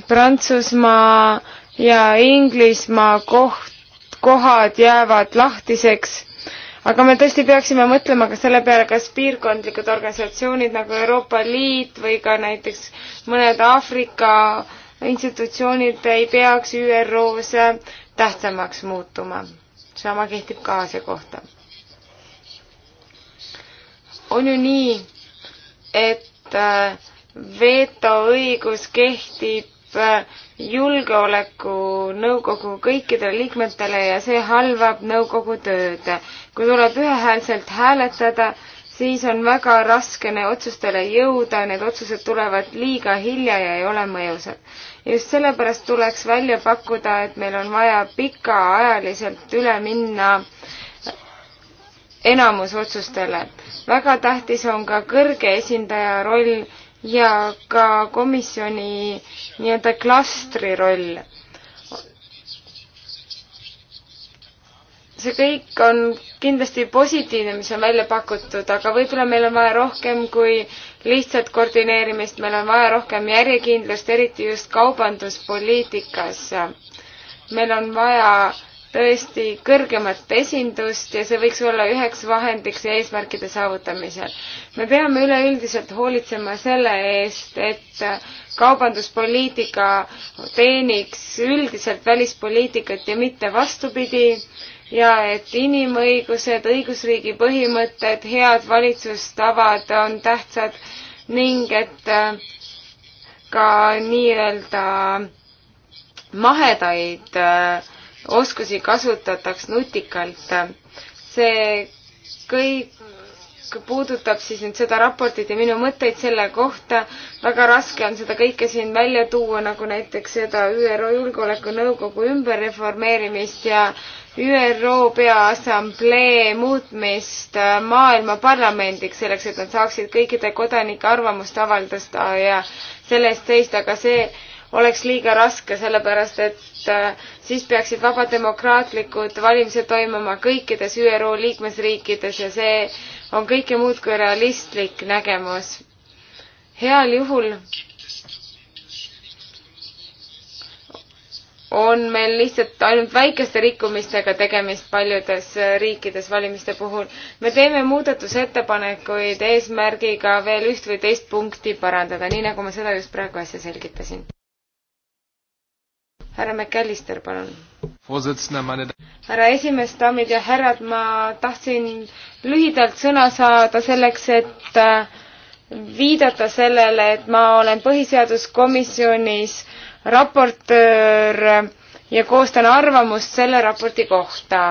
Prantsusmaa ja Inglismaa koht, kohad jäävad lahtiseks aga me tõesti peaksime mõtlema ka selle peale, kas piirkondlikud organisatsioonid nagu Euroopa Liit või ka näiteks mõned Aafrika institutsioonid ei peaks ÜRO-s tähtsamaks muutuma. sama kehtib ka Aasia kohta. on ju nii, et äh, vetoõigus kehtib Äh, julgeolekunõukogu kõikidele liikmetele ja see halvab nõukogu tööd. kui tuleb ühehäälselt hääletada, siis on väga raske otsustele jõuda, need otsused tulevad liiga hilja ja ei ole mõjusad. just sellepärast tuleks välja pakkuda, et meil on vaja pikaajaliselt üle minna enamusotsustele. väga tähtis on ka kõrge esindaja roll ja ka komisjoni nii-öelda klastri roll. see kõik on kindlasti positiivne, mis on välja pakutud, aga võib-olla meil on vaja rohkem kui lihtsalt koordineerimist, meil on vaja rohkem järjekindlust, eriti just kaubanduspoliitikas. meil on vaja tõesti kõrgemat esindust ja see võiks olla üheks vahendiks eesmärkide saavutamisel. me peame üleüldiselt hoolitsema selle eest, et kaubanduspoliitika teeniks üldiselt välispoliitikat ja mitte vastupidi ja et inimõigused, õigusriigi põhimõtted, head valitsustavad on tähtsad ning et äh, ka nii-öelda äh, mahedaid äh, oskusi kasutataks nutikalt. see kõik puudutab siis nüüd seda raportit ja minu mõtteid selle kohta. väga raske on seda kõike siin välja tuua, nagu näiteks seda ÜRO Julgeolekunõukogu ümberreformeerimist ja ÜRO Peaassamblee muutmist maailma parlamendiks, selleks et nad saaksid kõikide kodanike arvamust avaldada ja selle eest seista, aga see oleks liiga raske, sellepärast et äh, siis peaksid vabad demokraatlikud valimised toimuma kõikides ÜRO liikmesriikides ja see on kõike muud kui realistlik nägemus. heal juhul on meil lihtsalt ainult väikeste rikkumistega tegemist paljudes äh, riikides valimiste puhul. me teeme muudatusettepanekuid eesmärgiga veel üht või teist punkti parandada, nii nagu ma seda just praegu äsja selgitasin härra McAllister, palun. härra esimees, daamid ja härrad, ma tahtsin lühidalt sõna saada selleks, et äh, viidata sellele, et ma olen põhiseaduskomisjonis raportöör ja koostan arvamust selle raporti kohta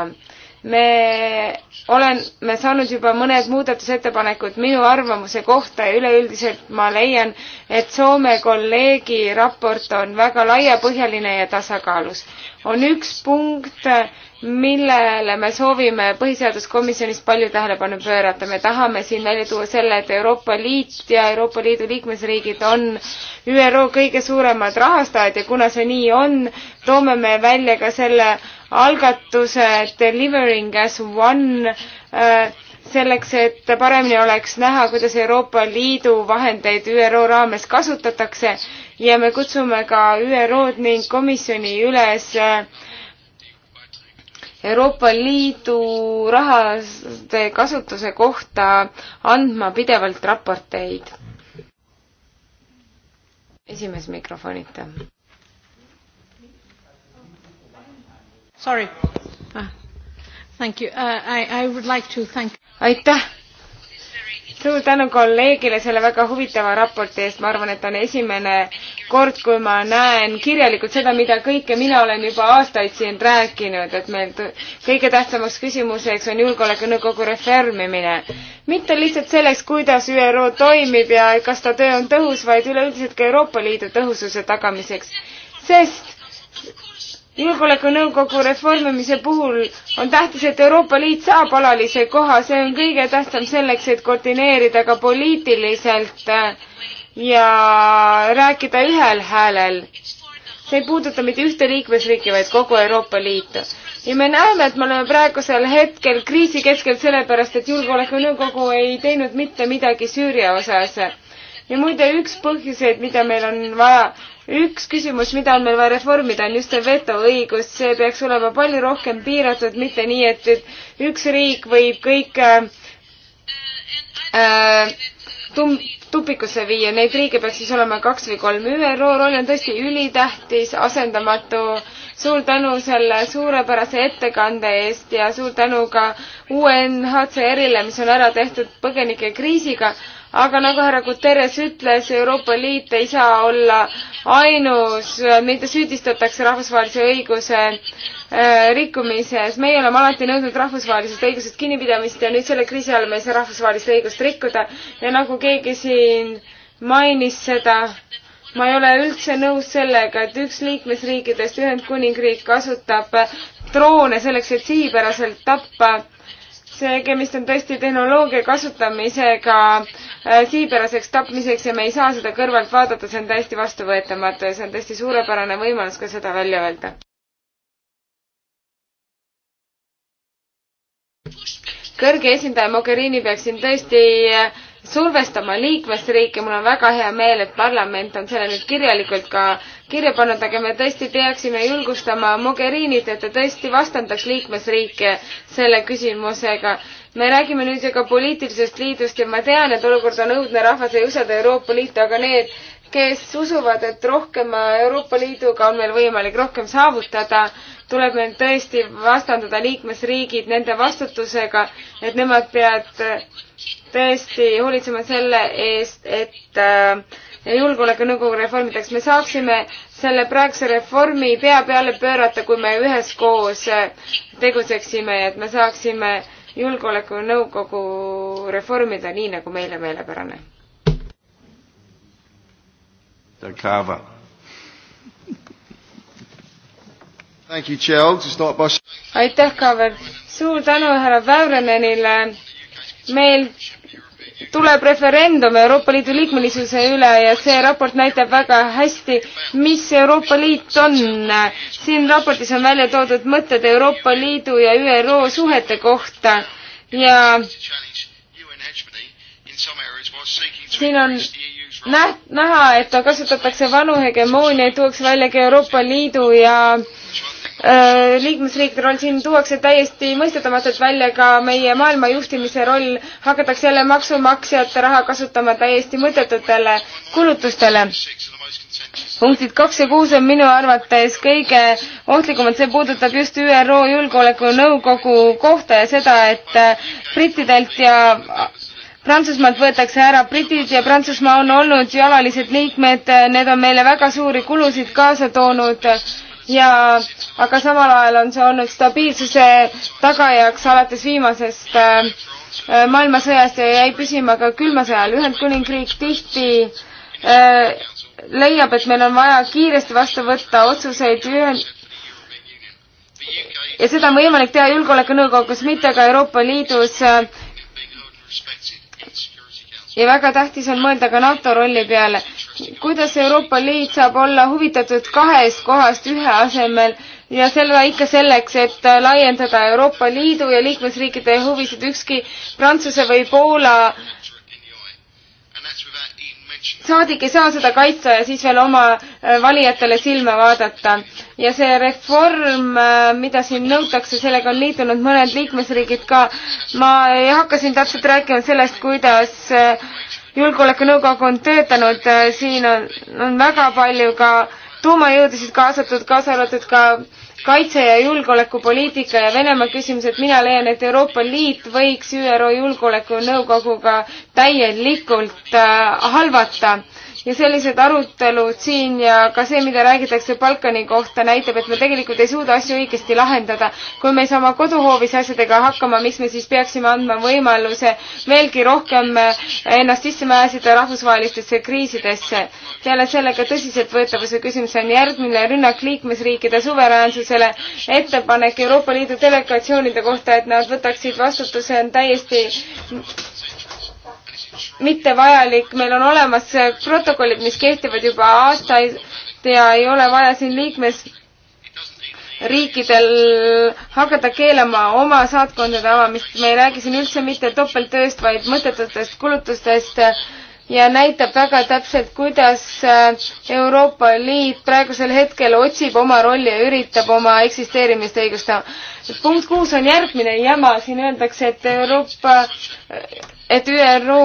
me oleme saanud juba mõned muudatusettepanekud minu arvamuse kohta ja üleüldiselt ma leian, et Soome kolleegi raport on väga laiapõhjaline ja tasakaalus. on üks punkt, millele me soovime põhiseaduskomisjonis palju tähelepanu pöörata. me tahame siin välja tuua selle, et Euroopa Liit ja Euroopa Liidu liikmesriigid on ÜRO kõige suuremad rahastajad ja kuna see nii on, toome me välja ka selle algatuse Delivering as one äh, selleks, et paremini oleks näha, kuidas Euroopa Liidu vahendeid ÜRO raames kasutatakse ja me kutsume ka ÜRO-d ning komisjoni üles äh, Euroopa Liidu rahade kasutuse kohta andma pidevalt raporteid. esimees mikrofonita. Sorry ah.. Thank you uh,. I, I would like to thank. aitäh suur tänu kolleegile selle väga huvitava raporti eest, ma arvan, et on esimene kord, kui ma näen kirjalikult seda, mida kõike mina olen juba aastaid siin rääkinud, et meil kõige tähtsamaks küsimuseks on julgeolekunõukogu reformimine. mitte lihtsalt selleks, kuidas ÜRO toimib ja kas ta töö on tõhus, vaid üleüldiselt ka Euroopa Liidu tõhususe tagamiseks, sest julgeolekunõukogu reformimise puhul on tähtis, et Euroopa Liit saab alalise koha, see on kõige tähtsam selleks, et koordineerida ka poliitiliselt äh, ja rääkida ühel häälel. see ei puuduta mitte ühte liikmesriiki, vaid kogu Euroopa Liitu. ja me näeme, et me oleme praegusel hetkel kriisi keskel sellepärast, et julgeolekunõukogu ei teinud mitte midagi Süüria osas. ja muide, üks põhjuseid, mida meil on vaja üks küsimus, mida on meil vaja reformida, on just see vetoõigus, see peaks olema palju rohkem piiratud, mitte nii, et üks riik võib kõik äh, äh, tum-, tupikusse viia, neid riike peaks siis olema kaks või kolm. ÜRO roll on tõesti ülitähtis, asendamatu. suur tänu selle suurepärase ettekande eest ja suur tänu ka UNHCR-ile, mis on ära tehtud põgenikekriisiga aga nagu härra Guterres ütles, Euroopa Liit ei saa olla ainus, mida süüdistatakse rahvusvahelise õiguse äh, rikkumises. meie oleme alati nõudnud rahvusvahelisest õigusest kinnipidamist ja nüüd selle kriisi ajal me ei saa rahvusvahelist õigust rikkuda ja nagu keegi siin mainis seda, ma ei ole üldse nõus sellega, et üks liikmesriikidest, Ühendkuningriik, kasutab droone selleks, et sihipäraselt tappa tegemist on tõesti tehnoloogia kasutamisega äh, sihipäraseks tapmiseks ja me ei saa seda kõrvalt vaadata, see on täiesti vastuvõetamatu ja see on tõesti suurepärane võimalus ka seda välja öelda. kõrge esindaja Mogherini peaks siin tõesti survestama liikmesriike, mul on väga hea meel, et parlament on selle nüüd kirjalikult ka kirja pannud, aga me tõesti peaksime julgustama Mogherinit, et ta tõesti vastandaks liikmesriike selle küsimusega. me räägime nüüd ju ka poliitilisest liidust ja ma tean, et olukord on õudne, rahvas ei usalda Euroopa Liitu, aga need, kes usuvad, et rohkema Euroopa Liiduga on meil võimalik rohkem saavutada, tuleb meil tõesti vastandada liikmesriigid nende vastutusega, et nemad peavad tõesti hoolitsema selle eest, et äh, julgeolekunõukogu reformideks me saaksime selle praeguse reformi pea peale pöörata, kui me üheskoos äh, tegutseksime ja et me saaksime julgeolekunõukogu reformida nii, nagu meile meelepärane Mr. Carver. Thank you, Chair. To start by... aitäh, Kaaver. suur tänu härra Väyrenenile. meil tuleb referendum Euroopa Liidu liikmelisuse üle ja see raport näitab väga hästi, mis Euroopa Liit on. siin raportis on välja toodud mõtted Euroopa Liidu ja ÜRO suhete kohta ja siin on näht-, näha, et kasutatakse vanu hegemooniaid, tuuakse välja ka Euroopa Liidu ja äh, liikmesriikide roll, siin tuuakse täiesti mõistetamatult välja ka meie maailma juhtimise roll, hakatakse jälle maksumaksjate raha kasutama täiesti mõttetutele kulutustele punktid kaks ja kuus on minu arvates kõige ohtlikumad, see puudutab just ÜRO Julgeolekunõukogu kohta ja seda, et äh, brittidelt ja Prantsusmaalt võetakse ära, britid ja Prantsusmaa on olnud ju alalised liikmed, need on meile väga suuri kulusid kaasa toonud ja aga samal ajal on see olnud stabiilsuse tagajaks alates viimasest äh, maailmasõjast ja jäi püsima ka külmasõjal. Ühendkuningriik tihti äh, leiab, et meil on vaja kiiresti vastu võtta otsuseid ühend- ja seda on võimalik teha Julgeolekunõukogus, mitte ka Euroopa Liidus äh, ja väga tähtis on mõelda ka NATO rolli peale. kuidas Euroopa Liit saab olla huvitatud kahest kohast ühe asemel ja selle ikka selleks, et laiendada Euroopa Liidu ja liikmesriikide huvisid ükski Prantsuse või Poola saadik ei saa seda kaitsta ja siis veel oma äh, valijatele silma vaadata. ja see reform, äh, mida siin nõutakse, sellega on liitunud mõned liikmesriigid ka. ma ei hakka siin täpselt rääkima sellest, kuidas äh, julgeolekunõukogu on töötanud, siin on, on väga palju ka tuumajõudusid kaasatud, kaasa arvatud ka, ka kaitse- ja julgeolekupoliitika ja Venemaa küsimus, et mina leian, et Euroopa Liit võiks ÜRO Julgeolekunõukoguga täielikult äh, halvata ja sellised arutelud siin ja ka see, mida räägitakse Balkani kohta, näitab, et me tegelikult ei suuda asju õigesti lahendada. kui me ei saa oma koduhoovis asjadega hakkama, miks me siis peaksime andma võimaluse veelgi rohkem eh, ennast sisse määrasida rahvusvahelistesse kriisidesse. peale selle ka tõsiseltvõetavuse küsimus on järgmine rünnak liikmesriikide suveräänsusele, ettepanek Euroopa Liidu delegatsioonide kohta, et nad võtaksid vastutuse, on täiesti mitte vajalik, meil on olemas äh, protokollid, mis kehtivad juba aastaid ja ei ole vaja siin liikmesriikidel hakata keelama oma saatkondade avamist, me ei räägi siin üldse mitte topelttööst, vaid mõttetutest kulutustest äh, ja näitab väga täpselt, kuidas äh, Euroopa Liit praegusel hetkel otsib oma rolli ja üritab oma eksisteerimist õigustama. punkt kuus on järgmine jama, siin öeldakse, et Euroopa, äh, et ÜRO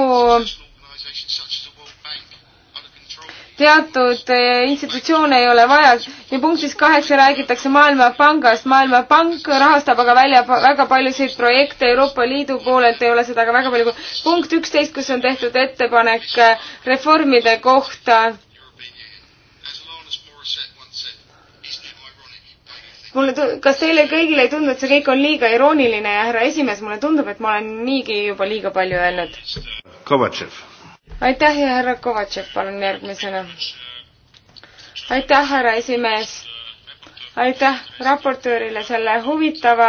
teatud eh, institutsioone ei ole vaja ja punktis kaheksa räägitakse Maailmapangast. maailmapank rahastab aga välja väga paljusid projekte Euroopa Liidu poolelt ei ole seda ka väga palju. punkt üksteist, kus on tehtud ettepanek eh, reformide kohta. mulle tu-, kas teile kõigile ei tundu, et see kõik on liiga irooniline ja härra esimees, mulle tundub, et ma olen niigi juba liiga palju öelnud. Kovatšev aitäh ja härra Kovatšev, palun järgmisena. aitäh, härra esimees. aitäh raportöörile selle huvitava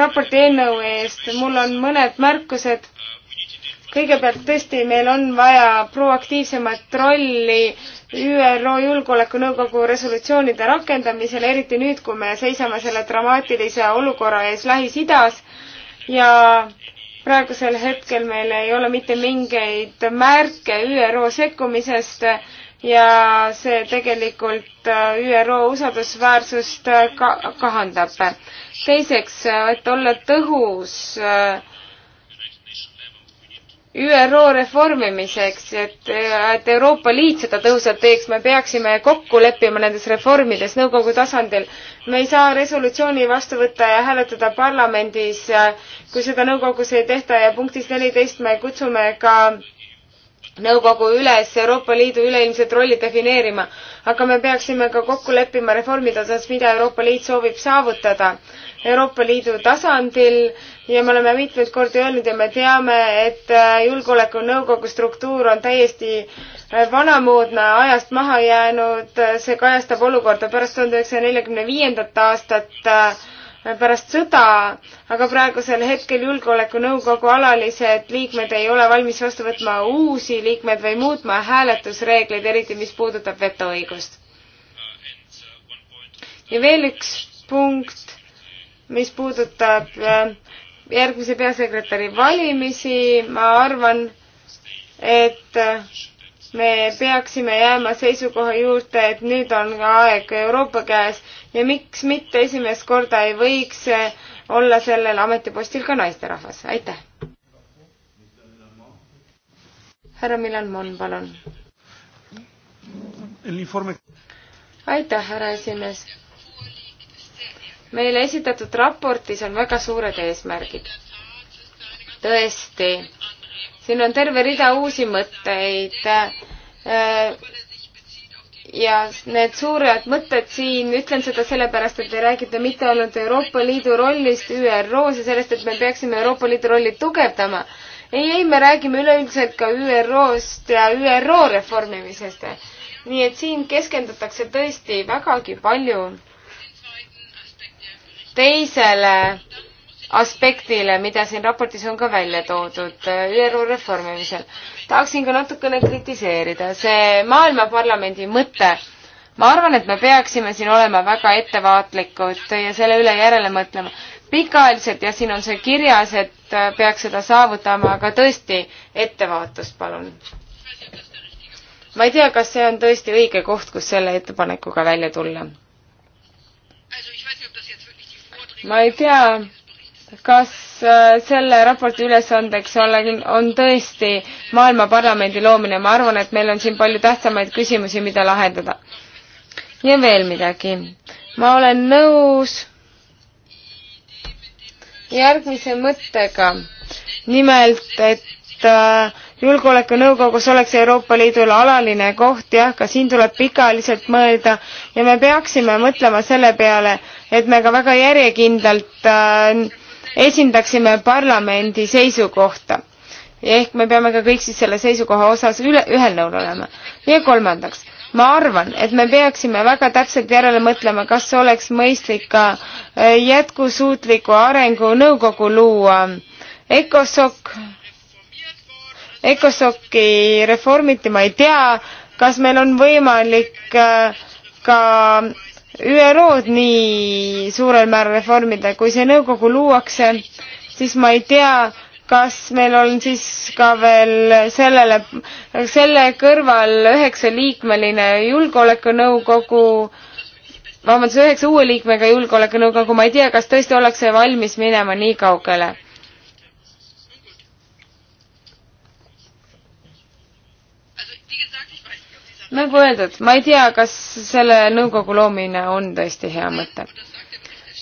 raporti eelnõu eest. mul on mõned märkused kõigepealt tõesti, meil on vaja proaktiivsemat rolli ÜRO Julgeolekunõukogu resolutsioonide rakendamisel, eriti nüüd, kui me seisame selle dramaatilise olukorra ees Lähis-Idas ja praegusel hetkel meil ei ole mitte mingeid märke ÜRO sekkumisest ja see tegelikult äh, ÜRO usaldusväärsust äh, ka kahandab. teiseks, et olla tõhus äh, ÜRO reformimiseks, et, et Euroopa Liit seda tõhusalt teeks, me peaksime kokku leppima nendes reformides nõukogu tasandil. me ei saa resolutsiooni vastu võtta ja hääletada parlamendis, kui seda nõukogus ei tehta ja punktis neliteist me kutsume ka äh, nõukogu üles Euroopa Liidu üleilmset rolli defineerima, aga me peaksime ka kokku leppima reformide osas, mida Euroopa Liit soovib saavutada Euroopa Liidu tasandil ja me oleme mitmeid kordi öelnud ja me teame, et äh, Julgeolekunõukogu struktuur on täiesti äh, vanamoodne, ajast maha jäänud, see kajastab olukorda pärast tuhande üheksasaja neljakümne viiendat aastat äh, pärast sõda, aga praegusel hetkel Julgeolekunõukogu alalised liikmed ei ole valmis vastu võtma uusi liikmeid või muutma hääletusreegleid, eriti mis puudutab vetoõigust. ja veel üks punkt, mis puudutab äh, järgmise peasekretäri valimisi, ma arvan, et äh, me peaksime jääma seisukoha juurde, et nüüd on aeg Euroopa käes ja miks mitte esimest korda ei võiks olla sellel ametipostil ka naisterahvas, aitäh. härra Milan Mon, palun. aitäh, härra esimees. meile esitatud raportis on väga suured eesmärgid. tõesti siin on terve rida uusi mõtteid. Äh, ja need suured mõtted siin, ütlen seda sellepärast, et te räägite mitte ainult Euroopa Liidu rollist ÜRO-s ja sellest, et me peaksime Euroopa Liidu rolli tugevdama. ei, ei, me räägime üleüldiselt ka ÜRO-st ja ÜRO reformimisest. nii et siin keskendutakse tõesti vägagi palju teisele aspektile, mida siin raportis on ka välja toodud äh, ÜRO reformimisel. tahaksin ka natukene kritiseerida see Maailmaparlamendi mõte. ma arvan, et me peaksime siin olema väga ettevaatlikud ja selle üle järele mõtlema. pikaajaliselt ja siin on see kirjas, et äh, peaks seda saavutama, aga tõesti ettevaatust palun. ma ei tea, kas see on tõesti õige koht, kus selle ettepanekuga välja tulla. ma ei tea kas äh, selle raporti ülesandeks on, on tõesti maailma parlamendi loomine, ma arvan, et meil on siin palju tähtsamaid küsimusi, mida lahendada. ja veel midagi. ma olen nõus järgmise mõttega, nimelt, et äh, julgeolekunõukogus oleks Euroopa Liidul alaline koht, jah, ka siin tuleb pikaajaliselt mõelda ja me peaksime mõtlema selle peale, et me ka väga järjekindlalt äh, esindaksime parlamendi seisukohta. ehk me peame ka kõik siis selle seisukoha osas üle, ühel nõul olema. ja kolmandaks, ma arvan, et me peaksime väga täpselt järele mõtlema, kas oleks mõistlik ka äh, jätkusuutliku arengu nõukogu luua. ECOSOC, ECOSOC-i reformiti ma ei tea, kas meil on võimalik äh, ka ÜRO-d nii suurel määral reformida, kui see nõukogu luuakse, siis ma ei tea, kas meil on siis ka veel sellele, selle kõrval üheksaliikmeline julgeolekunõukogu, vabandust, üheksa uue liikmega julgeolekunõukogu, ma ei tea, kas tõesti ollakse valmis minema nii kaugele nagu öeldud, ma ei tea, kas selle nõukogu loomine on tõesti hea mõte.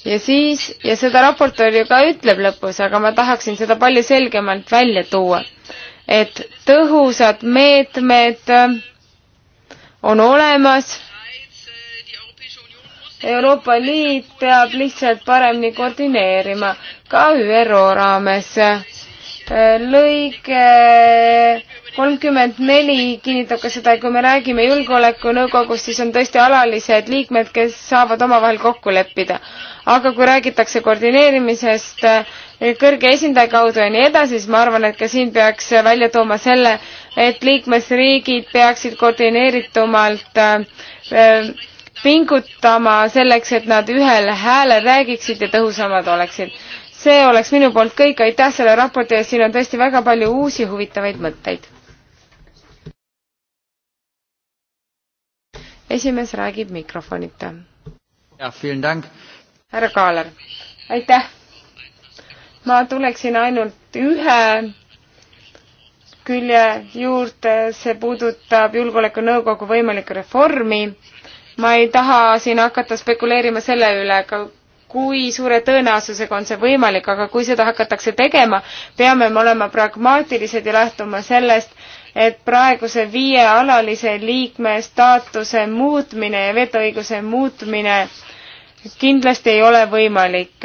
ja siis, ja seda raportöör ju ka ütleb lõpus, aga ma tahaksin seda palju selgemalt välja tuua, et tõhusad meetmed on olemas, Euroopa Liit peab lihtsalt paremini koordineerima ka ÜRO raames. lõige kolmkümmend neli kinnitab ka seda, et kui me räägime Julgeolekunõukogust, siis on tõesti alalised liikmed, kes saavad omavahel kokku leppida. aga kui räägitakse koordineerimisest eh, kõrge esindaja kaudu ja nii edasi, siis ma arvan, et ka siin peaks välja tooma selle, et liikmesriigid peaksid koordineeritumalt eh, pingutama selleks, et nad ühel häälel räägiksid ja tõhusamad oleksid see oleks minu poolt kõik aitäh selle raporti eest siin on tõesti väga palju uusi huvitavaid mõtteid esimees räägib mikrofonita. härra Kaaler, aitäh! ma tuleksin ainult ühe külje juurde, see puudutab Julgeolekunõukogu võimalikku reformi. ma ei taha siin hakata spekuleerima selle üle, kui suure tõenäosusega on see võimalik, aga kui seda hakatakse tegema, peame me olema pragmaatilised ja lähtuma sellest, et praeguse viie alalise liikme staatuse muutmine ja vetoõiguse muutmine kindlasti ei ole võimalik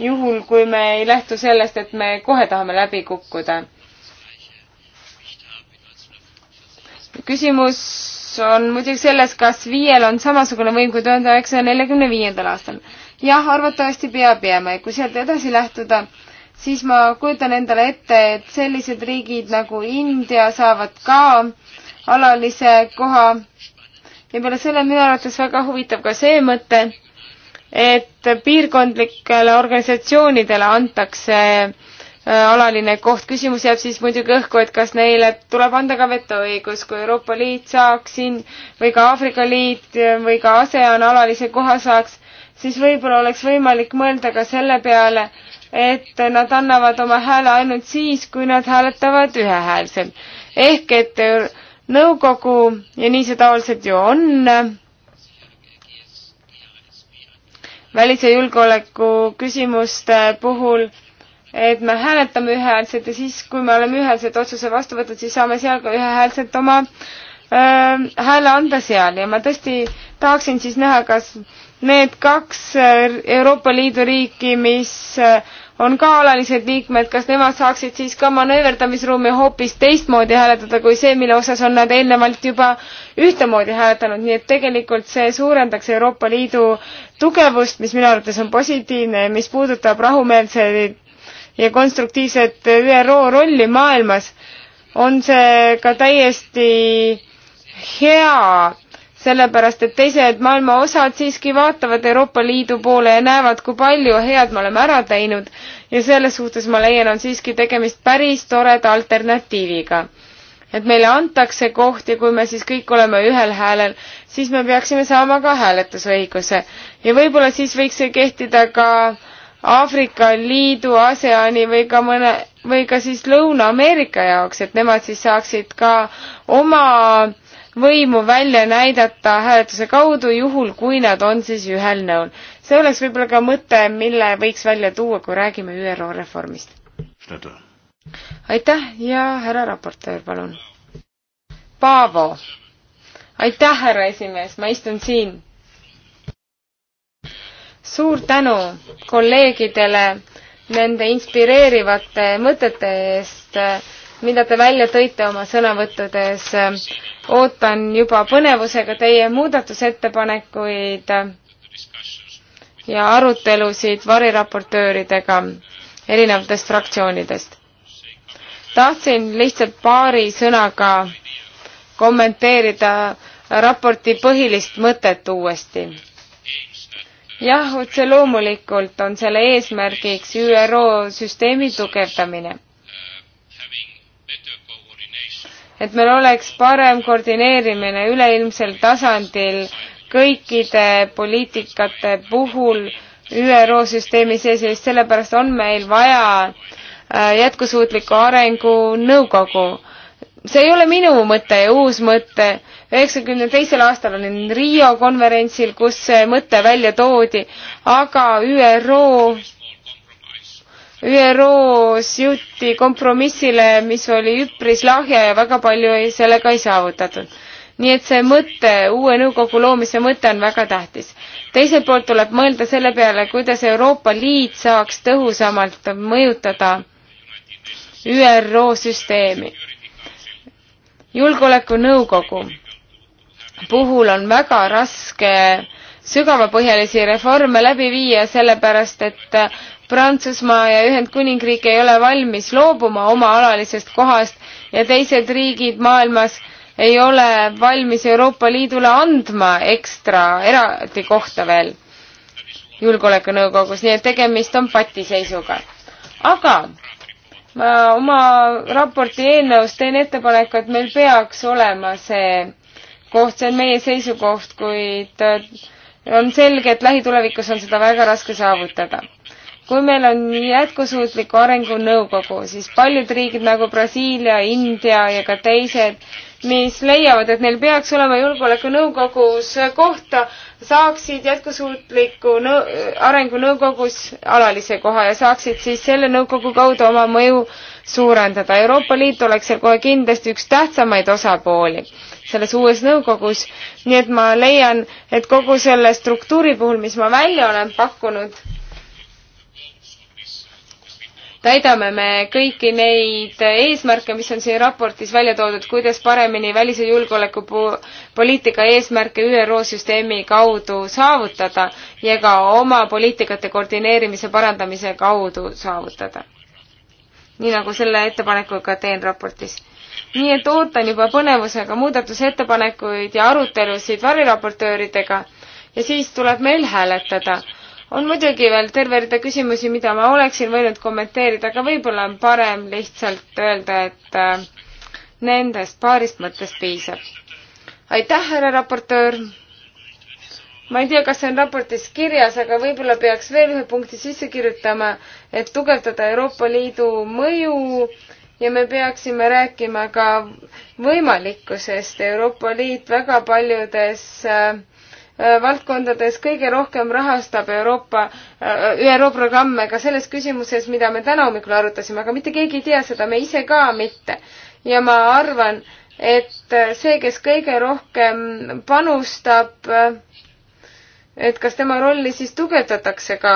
juhul, kui me ei lähtu sellest, et me kohe tahame läbi kukkuda. küsimus on muidugi selles, kas viiel on samasugune võim kui tuhande üheksasaja neljakümne viiendal aastal. jah, arvatavasti peab jääma ja kui sealt edasi lähtuda, siis ma kujutan endale ette, et sellised riigid nagu India saavad ka alalise koha. ja peale selle on minu arvates väga huvitav ka see mõte, et piirkondlikele organisatsioonidele antakse äh, alaline koht. küsimus jääb siis muidugi õhku, et kas neile tuleb anda ka vetoõigus, kui Euroopa Liit saaks siin või ka Aafrika Liit äh, või ka ASEAN alalise koha saaks, siis võib-olla oleks võimalik mõelda ka selle peale, et nad annavad oma hääle ainult siis, kui nad hääletavad ühehäälselt. ehk et äh, nõukogu ja nii see tavaliselt ju on, välis- ja julgeoleku küsimuste puhul, et me hääletame ühehäälselt ja siis, kui me oleme ühehäälselt otsuse vastu võtnud, siis saame seal ka ühehäälselt oma öö, äh, hääle anda seal ja ma tõesti tahaksin siis näha, kas need kaks äh, Euroopa Liidu riiki, mis äh, on ka alalised liikmed, kas nemad saaksid siis ka manööverdamisruumi hoopis teistmoodi hääletada kui see, mille osas on nad eelnevalt juba ühtemoodi hääletanud, nii et tegelikult see suurendaks Euroopa Liidu tugevust, mis minu arvates on positiivne ja mis puudutab rahumeelseid ja konstruktiivset ÜRO rolli maailmas, on see ka täiesti hea sellepärast et teised maailma osad siiski vaatavad Euroopa Liidu poole ja näevad, kui palju head me oleme ära teinud ja selles suhtes ma leian, on siiski tegemist päris toreda alternatiiviga. et meile antakse koht ja kui me siis kõik oleme ühel häälel, siis me peaksime saama ka hääletusõiguse ja võib-olla siis võiks see kehtida ka Aafrika Liidu, ASEAN-i või ka mõne või ka siis Lõuna-Ameerika jaoks, et nemad siis saaksid ka oma äh, võimu välja näidata hääletuse kaudu, juhul kui nad on siis ühel nõul. see oleks võib-olla ka mõte, mille võiks välja tuua, kui räägime ÜRO reformist. aitäh ja härra raportöör, palun. Paavo. aitäh, härra esimees, ma istun siin. suur tänu kolleegidele nende inspireerivate mõtete eest mida te välja tõite oma sõnavõttudes. ootan juba põnevusega teie muudatusettepanekuid ja arutelusid variraportööridega erinevatest fraktsioonidest. tahtsin lihtsalt paari sõnaga kommenteerida raporti põhilist mõtet uuesti. jah, otse loomulikult on selle eesmärgiks ÜRO süsteemi tugevdamine et meil oleks parem koordineerimine üleilmsel tasandil kõikide poliitikate puhul ÜRO süsteemi sees ja just sellepärast on meil vaja äh, jätkusuutliku arengu nõukogu. see ei ole minu mõte ja uus mõte. üheksakümne teisel aastal olin Rio konverentsil, kus see mõte välja toodi, aga ÜRO ÜRO-s jõuti kompromissile, mis oli üpris lahja ja väga palju ei, sellega ei saavutatud. nii et see mõte, uue nõukogu loomise mõte on väga tähtis. teiselt poolt tuleb mõelda selle peale, kuidas Euroopa Liit saaks tõhusamalt mõjutada ÜRO süsteemi. julgeolekunõukogu puhul on väga raske sügavapõhjalisi reforme läbi viia, sellepärast et Prantsusmaa ja Ühendkuningriik ei ole valmis loobuma oma alalisest kohast ja teised riigid maailmas ei ole valmis Euroopa Liidule andma ekstra eraldi kohta veel julgeolekunõukogus, nii et tegemist on patiseisuga. aga ma oma raporti eelnõus teen ettepaneku, et meil peaks olema see koht, see on meie seisukoht, kuid on selge, et lähitulevikus on seda väga raske saavutada kui meil on jätkusuutliku arengu nõukogu, siis paljud riigid nagu Brasiilia, India ja ka teised, mis leiavad, et neil peaks olema julgeolekunõukogus kohta, saaksid jätkusuutliku nõu-, arengunõukogus alalise koha ja saaksid siis selle nõukogu kaudu oma mõju suurendada. Euroopa Liit oleks seal kohe kindlasti üks tähtsamaid osapooli selles uues nõukogus, nii et ma leian, et kogu selle struktuuri puhul, mis ma välja olen pakkunud, täidame me kõiki neid eesmärke, mis on siin raportis välja toodud, kuidas paremini välis- ja julgeolekupoliitika eesmärke ÜRO süsteemi kaudu saavutada ja ka oma poliitikate koordineerimise parandamise kaudu saavutada. nii nagu selle ettepanekuga teen raportis nii et ootan juba põnevusega muudatusettepanekuid ja arutelusid variraportööridega ja siis tuleb meil hääletada on muidugi veel terve rida küsimusi, mida ma oleksin võinud kommenteerida, aga võib-olla on parem lihtsalt öelda, et äh, nendest paarist mõttest piisab. aitäh, härra raportöör! ma ei tea, kas see on raportis kirjas, aga võib-olla peaks veel ühe punkti sisse kirjutama, et tugevdada Euroopa Liidu mõju ja me peaksime rääkima ka võimalikkusest. Euroopa Liit väga paljudes äh, Äh, valdkondades kõige rohkem rahastab Euroopa, äh, ÜRO programme ka selles küsimuses, mida me täna hommikul arutasime, aga mitte keegi ei tea seda, me ise ka mitte. ja ma arvan, et äh, see, kes kõige rohkem panustab, et kas tema rolli siis tugevdatakse ka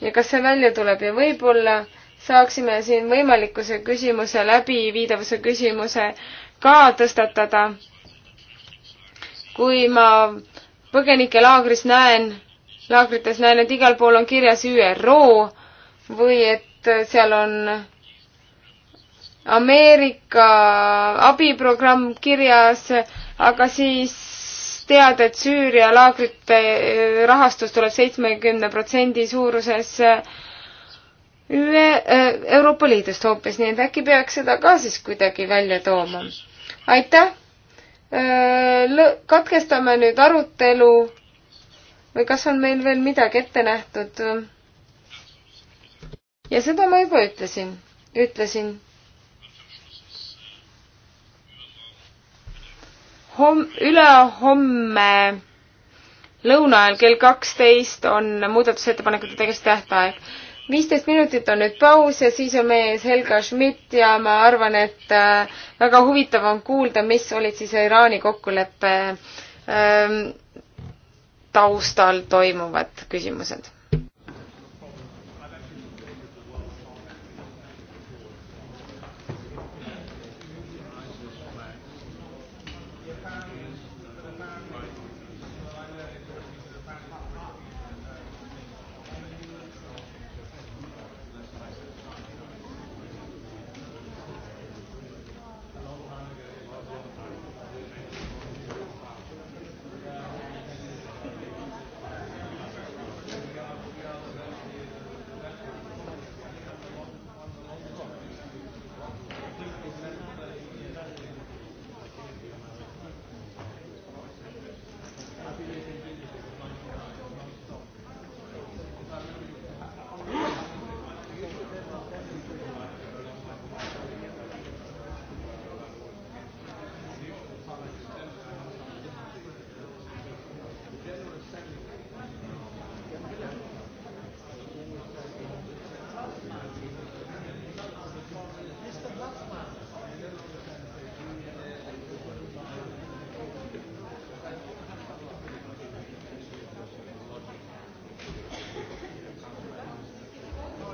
ja kas see välja tuleb ja võib-olla saaksime siin võimalikkuse küsimuse, läbiviidavuse küsimuse ka tõstatada. kui ma põgenikelaagris näen, laagrites näen, et igal pool on kirjas ÜRO või et seal on Ameerika abiprogramm kirjas, aga siis tead, et Süüria laagrite rahastus tuleb seitsmekümne protsendi suuruses ühe äh, Euroopa Liidust hoopis, nii et äkki peaks seda ka siis kuidagi välja tooma. aitäh Äh, katkestame nüüd arutelu või kas on meil veel midagi ette nähtud? ja seda ma juba ütlesin, ütlesin. homm, ülehomme lõuna ajal kell kaksteist on muudatusettepanekute tegemise tähtaeg viisteist minutit on nüüd paus ja siis on meie ees Helga Schmidt ja ma arvan, et äh, väga huvitav on kuulda, mis olid siis Iraani kokkuleppe ähm, taustal toimuvad küsimused.